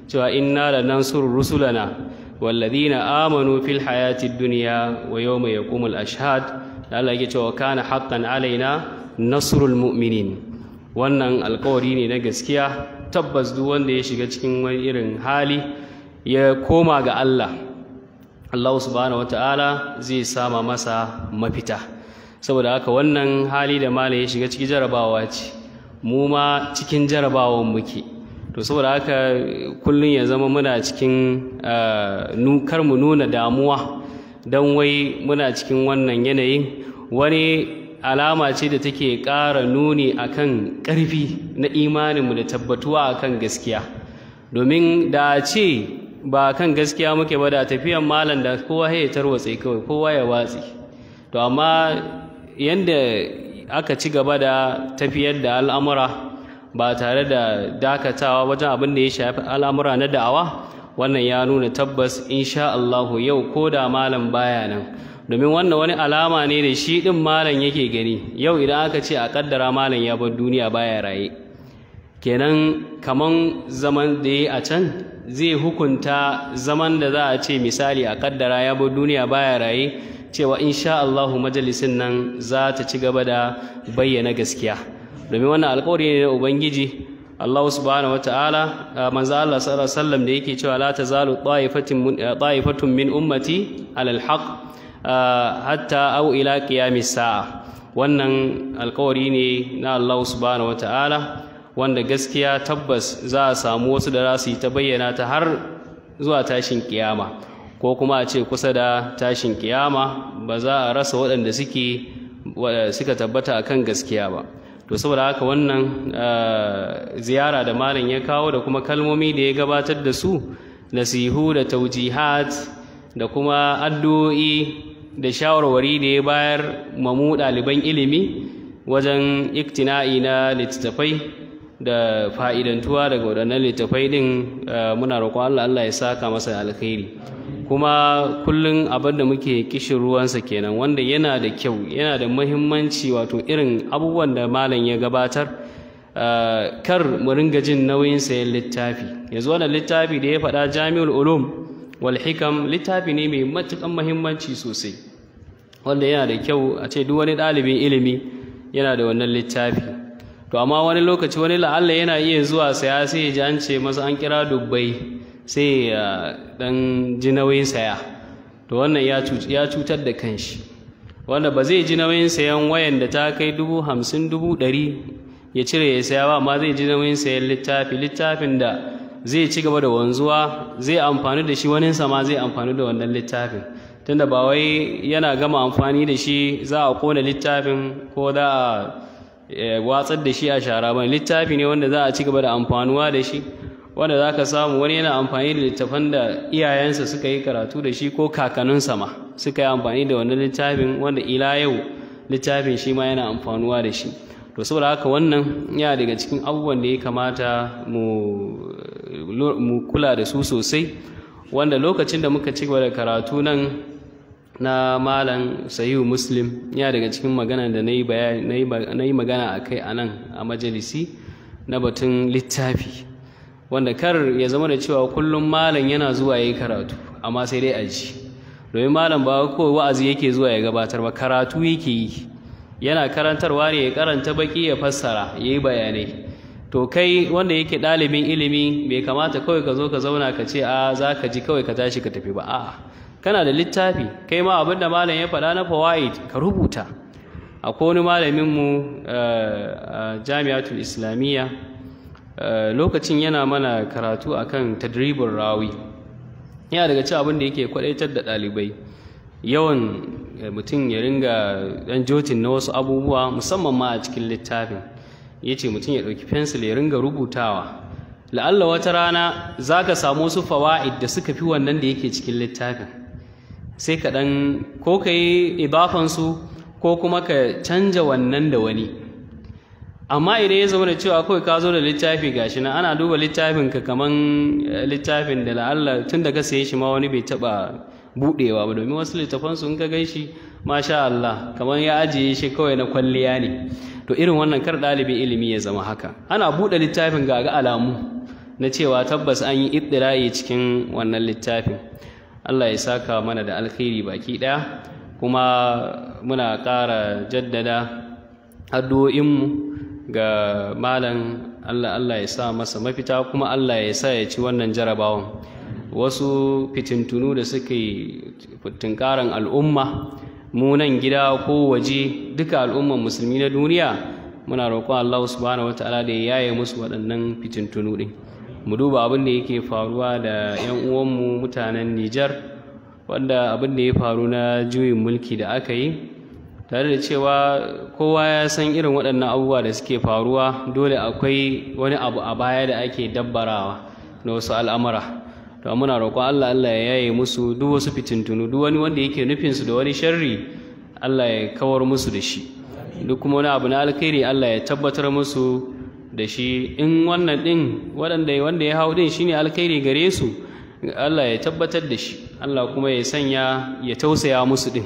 cewa inna da lanansuru rusulana na amanu fil hayati duniya, wa yawma yaqumul ashhad da Allah yake cewa kana haqqan alaina nasrul mu'minin wannan alkawari ne na gaskiya tabbas duk wanda ya shiga cikin wani irin hali ya koma ga Allah Allah subhanahu wata'ala zai sama masa mafita saboda haka wannan hali da malai ya shiga cikin jarabawa ce mu ma cikin jarabawan muke to saboda haka kullum ya zama muna cikin eh, kar mu nuna damuwa don wai muna cikin wannan yanayin wani alama ce da take ƙara nuni akan ƙarfi na imaninmu da tabbatuwa akan gaskiya domin da ce ba kan gaskiya muke ba da tafiyan malam da kowa ya tarwatse kawai kowa ya watsi to amma yadda aka ci gaba da tafiyar da al'amura ba tare da dakatawa wajen abin da ya shafi al'amura na da'awa wannan ya nuna tabbas insha Allahu yau ko da malam baya nan domin wannan wani alama ne da shi din malam yake gani yau idan aka ce a kaddara malam ya bar duniya baya raye kenan kaman zaman da ya a can zai hukunta zaman da za a ce misali a kaddara ya bar duniya baya raye cewa insha Allah majalisin nan za ta ci gaba da bayyana gaskiya domin wannan alƙawari ne na ubangiji Allah subhanahu Ta'ala. manzo Allah sallallahu alaihi wasallam da yake cewa la tazalu ta'ifatun ta'ifatun min ummati ala alhaq hatta au ila qiyamis sa'a wannan alƙawari ne na Allah subhanahu Ta'ala. wanda gaskiya tabbas za a samu wasu da za su yi ta bayyana ta har zuwa tashin kiyama ko kuma a ce kusa da tashin kiyama ba za a rasa waɗanda suke suka tabbata a kan gaskiya ba to saboda haka wannan ah, ziyara da malam ya kawo da kuma kalmomi da ya gabatar da su nasihu da taujihat da kuma addu'o'i da shawarwari da ya bayar mamu ɗaliban ilimi wajen iktina'i na littattafai da fa'idantuwa daga waɗannan littafai ɗin eh, muna roƙon Allah Allah ya saka masa alkhairi kuma kullum abin muke kishin ruwansa kenan wanda yana da kyau yana da muhimmanci wato irin abubuwan da malam ya gabatar eh, kar mu ringa jin nauyin sayan littafi yanzu wannan littafi da ya faɗa jami'ul ulum wal hikam littafi ne mai matukan muhimmanci sosai wanda yana da kyau a ce duk wani ɗalibin ilimi yana da wannan littafi to amma wani lokaci wani la'alla yana iya zuwa saya sai ya ji an ce masa an kira dubbai sai ya dan ji nauyin saya to wannan ya cutar da kanshi wanda ba zai ji nauyin sayan wayan da ta kai dubu hamsin dubu ɗari ya cire ya saya ba amma zai ji nauyin sayan littafi littafin da zai ci gaba da wanzuwa zai amfani da shi waninsa ma zai amfani da wannan littafin tunda ba wai yana gama amfani da shi za a kona littafin ko za a Eh, watsar da shi a shara ba littafi ne wanda za a ci gaba da amfanuwa da shi wanda za ka samu wani yana amfani da littafan da iyayensa suka yi karatu da shi ko kakanninsa ma suka yi amfani da wannan littafin wanda ila yau littafin shi ma yana amfanuwa da shi to saboda haka wannan yana daga cikin abubuwan da ya kamata mu eh, kula da su sosai wanda lokacin da muka ci gaba da karatu nan na malam sayu muslim ya daga cikin magana da na yi magana a kai a nan a majalisi na batun littafi wanda kar ya zama da cewa kullum malam yana zuwa ya yi karatu amma sai dai aji domin malam ba ko wa'azi yake zuwa ya gabatar ba karatu yake yi yana karantarwa ne ya karanta baki ya fassara ya yi bayanai to kai wanda yake ɗalibin ilimi bai kamata kawai ka zo ka zauna ka ce a ah, za ka ji kawai ka tashi ka tafi ba a'a kana da littafi kai ma abin da malam ya faɗa na fawaid ka rubuta A wani malamin mu eh, a jami'atul islamiyya eh, lokacin yana mana karatu akan tadribin rawi yana daga ci abin da yake kwadaitar da ɗalibai yawan eh, mutum ya ringa ɗan jotin na wasu abubuwa musamman ma a cikin littafin ya ce mutum ya ɗauki fensil ya ringa rubutawa la'alla wata rana za ka samu wasu fawa'id da suka fi wannan da yake cikin littafin sai ka ɗan ko ka yi idafansu ko kuma ka canja wannan da wani amma idan ya zama da cewa kawai ka zo da littafi gashi na ana duba littafinka kaman eh, littafin da la'alla tun da ka saye shi ma wani bai taɓa buɗewa ba domin wasu littafansu in ka gan shi masha Allah kamar ya ajiye shi kawai na kwalliya ne to irin wannan kar ɗalibi ilimi ya zama haka ana buɗe littafin ga ga alamu na cewa tabbas an yi iddira'i cikin wannan littafin Allah ya saka mana da alkhairi baki ɗaya kuma muna ƙara jaddada addu'o'inmu ga malam Allah Allah ya sa masa mafita kuma Allah ya sa ya ci wannan jarabawan wasu fitintunu da suka yi al'umma mu nan gida ko waje duka al'umman musulmi na duniya muna roƙon Allah subhanahu wataala da ya yaye musu waɗannan fitintunu ɗin mu duba abin da yake faruwa da 'yan uwanmu mutanen Nijar wanda abin da ya faru na juyin mulki da aka yi tare da cewa kowa ya san irin waɗannan abubuwa da suke faruwa dole akwai wani abu a baya da ake dabbarawa na wasu al'amura to muna roƙon Allah Allah ya yaye musu duk wasu fitintunu duk wani wanda yake nufin su da wani sharri Allah ya kawar musu da shi duk kuma wani abu na alkhairi Allah ya tabbatar musu da shi in wannan ɗin waɗanda wanda ya hau ɗin shine alkhairi gare su Allah ya tabbatar da shi Allah kuma ya sanya ya tausaya musu ɗin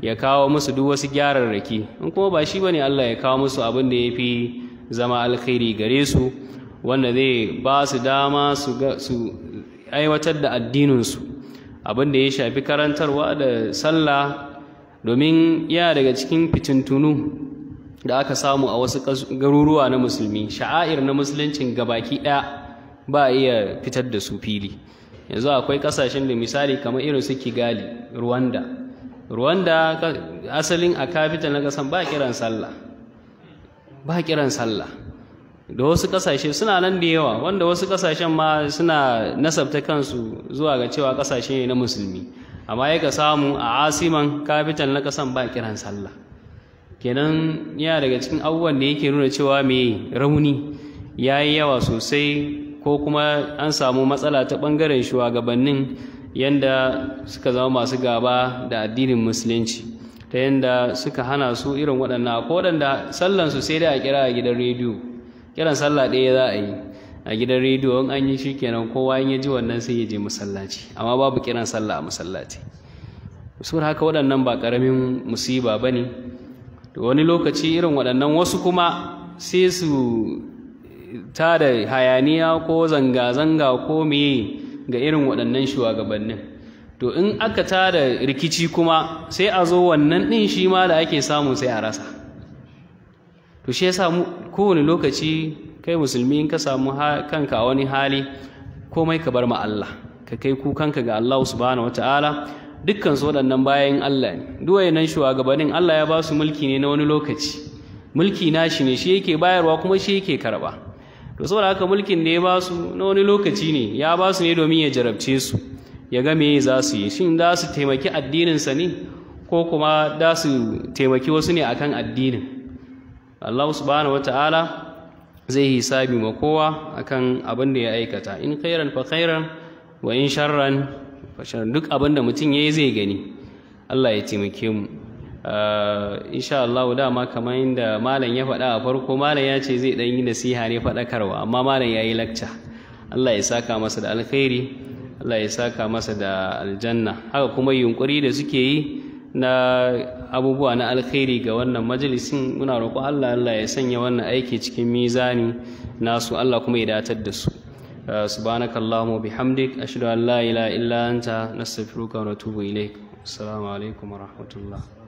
ya kawo musu duk wasu gyararraki in kuma ba shi bane Allah ya kawo musu abin da ya fi zama alkhairi gare su wanda zai ba su dama su aiwatar da addininsu abin da ya shafi karantarwa da sallah domin ya daga cikin fitintunu da aka samu a wasu garuruwa na musulmi sha'air na musuluncin baki ɗaya ba a iya fitar da su fili yanzu akwai ƙasashen da misali kamar irin su kigali rwanda rwanda asalin a kafita na kasan ba kiran sallah ba kiran sallah da wasu ƙasashe suna nan da yawa wanda wasu ƙasashen ma suna nasabta kansu zuwa ga cewa ƙasashe ne na musulmi amma ya ka samu a asiman kafitan na kasan ba kiran sallah kenan ya daga cikin abubuwan da yake nuna cewa mai rauni ya yi yawa sosai ko kuma an samu matsala ta ɓangaren shugabannin yadda suka zama masu gaba da addinin musulunci ta yadda suka hana su irin waɗannan ko waɗanda sallansu sai dai a kira a gidan rediyo kiran sallah ɗaya za a yi a gidan rediyo in an yi shi kenan kowa ya ji wannan sai ya je masallaci amma babu kiran sallah a masallaci saboda haka waɗannan ba ƙaramin musiba ba ne to wani lokaci irin waɗannan wasu kuma sai su tada hayaniya ko zanga-zanga ko meye ga irin waɗannan shugabannin to in aka tada rikici kuma sai a zo wannan ɗin shi ma da ake samu sai a rasa to shi samu kowane lokaci kai musulmi in ka samu kanka a wani hali komai ka bar ma Allah ka kai kukanka ga Allah subhanahu wataala dukkan su waɗannan bayan Allah ne duk nan shugabannin Allah ya ba su mulki ne na wani lokaci mulki nashi ne shi yake bayarwa kuma shi yake karɓa. to saboda haka mulkin da ya ba su na wani lokaci ne ya ba su ne domin ya jarabce su ya ga me za su yi shin za su taimaki addinin sa ne ko kuma za su taimaki wasu ne akan addinin Allah subhanahu wataala zai hisabi ma kowa akan abin da ya aikata in khairan fa khairan wa in sharran fashar duk abin da mutum yi zai gani Allah ya taimake mu uh, insha Allah dama kamar yadda malam ya faɗa a farko malam ya ce zai ɗan yi nasiha ne faɗakarwa amma malam ya yi lakca Allah ya saka masa da alkhairi Allah ya saka masa da aljanna haka kuma yunkuri da suke yi na abubuwa na alkhairi ga wannan majalisin muna roƙo Allah Allah ya sanya wannan aiki cikin mizani nasu Allah kuma ya datar da su Uh, subhanakallahumma bihamdik ashhadu an la ilaha illa anta nastaghfiruka na natubu ilaik assalamu alaikum wa rahmatullah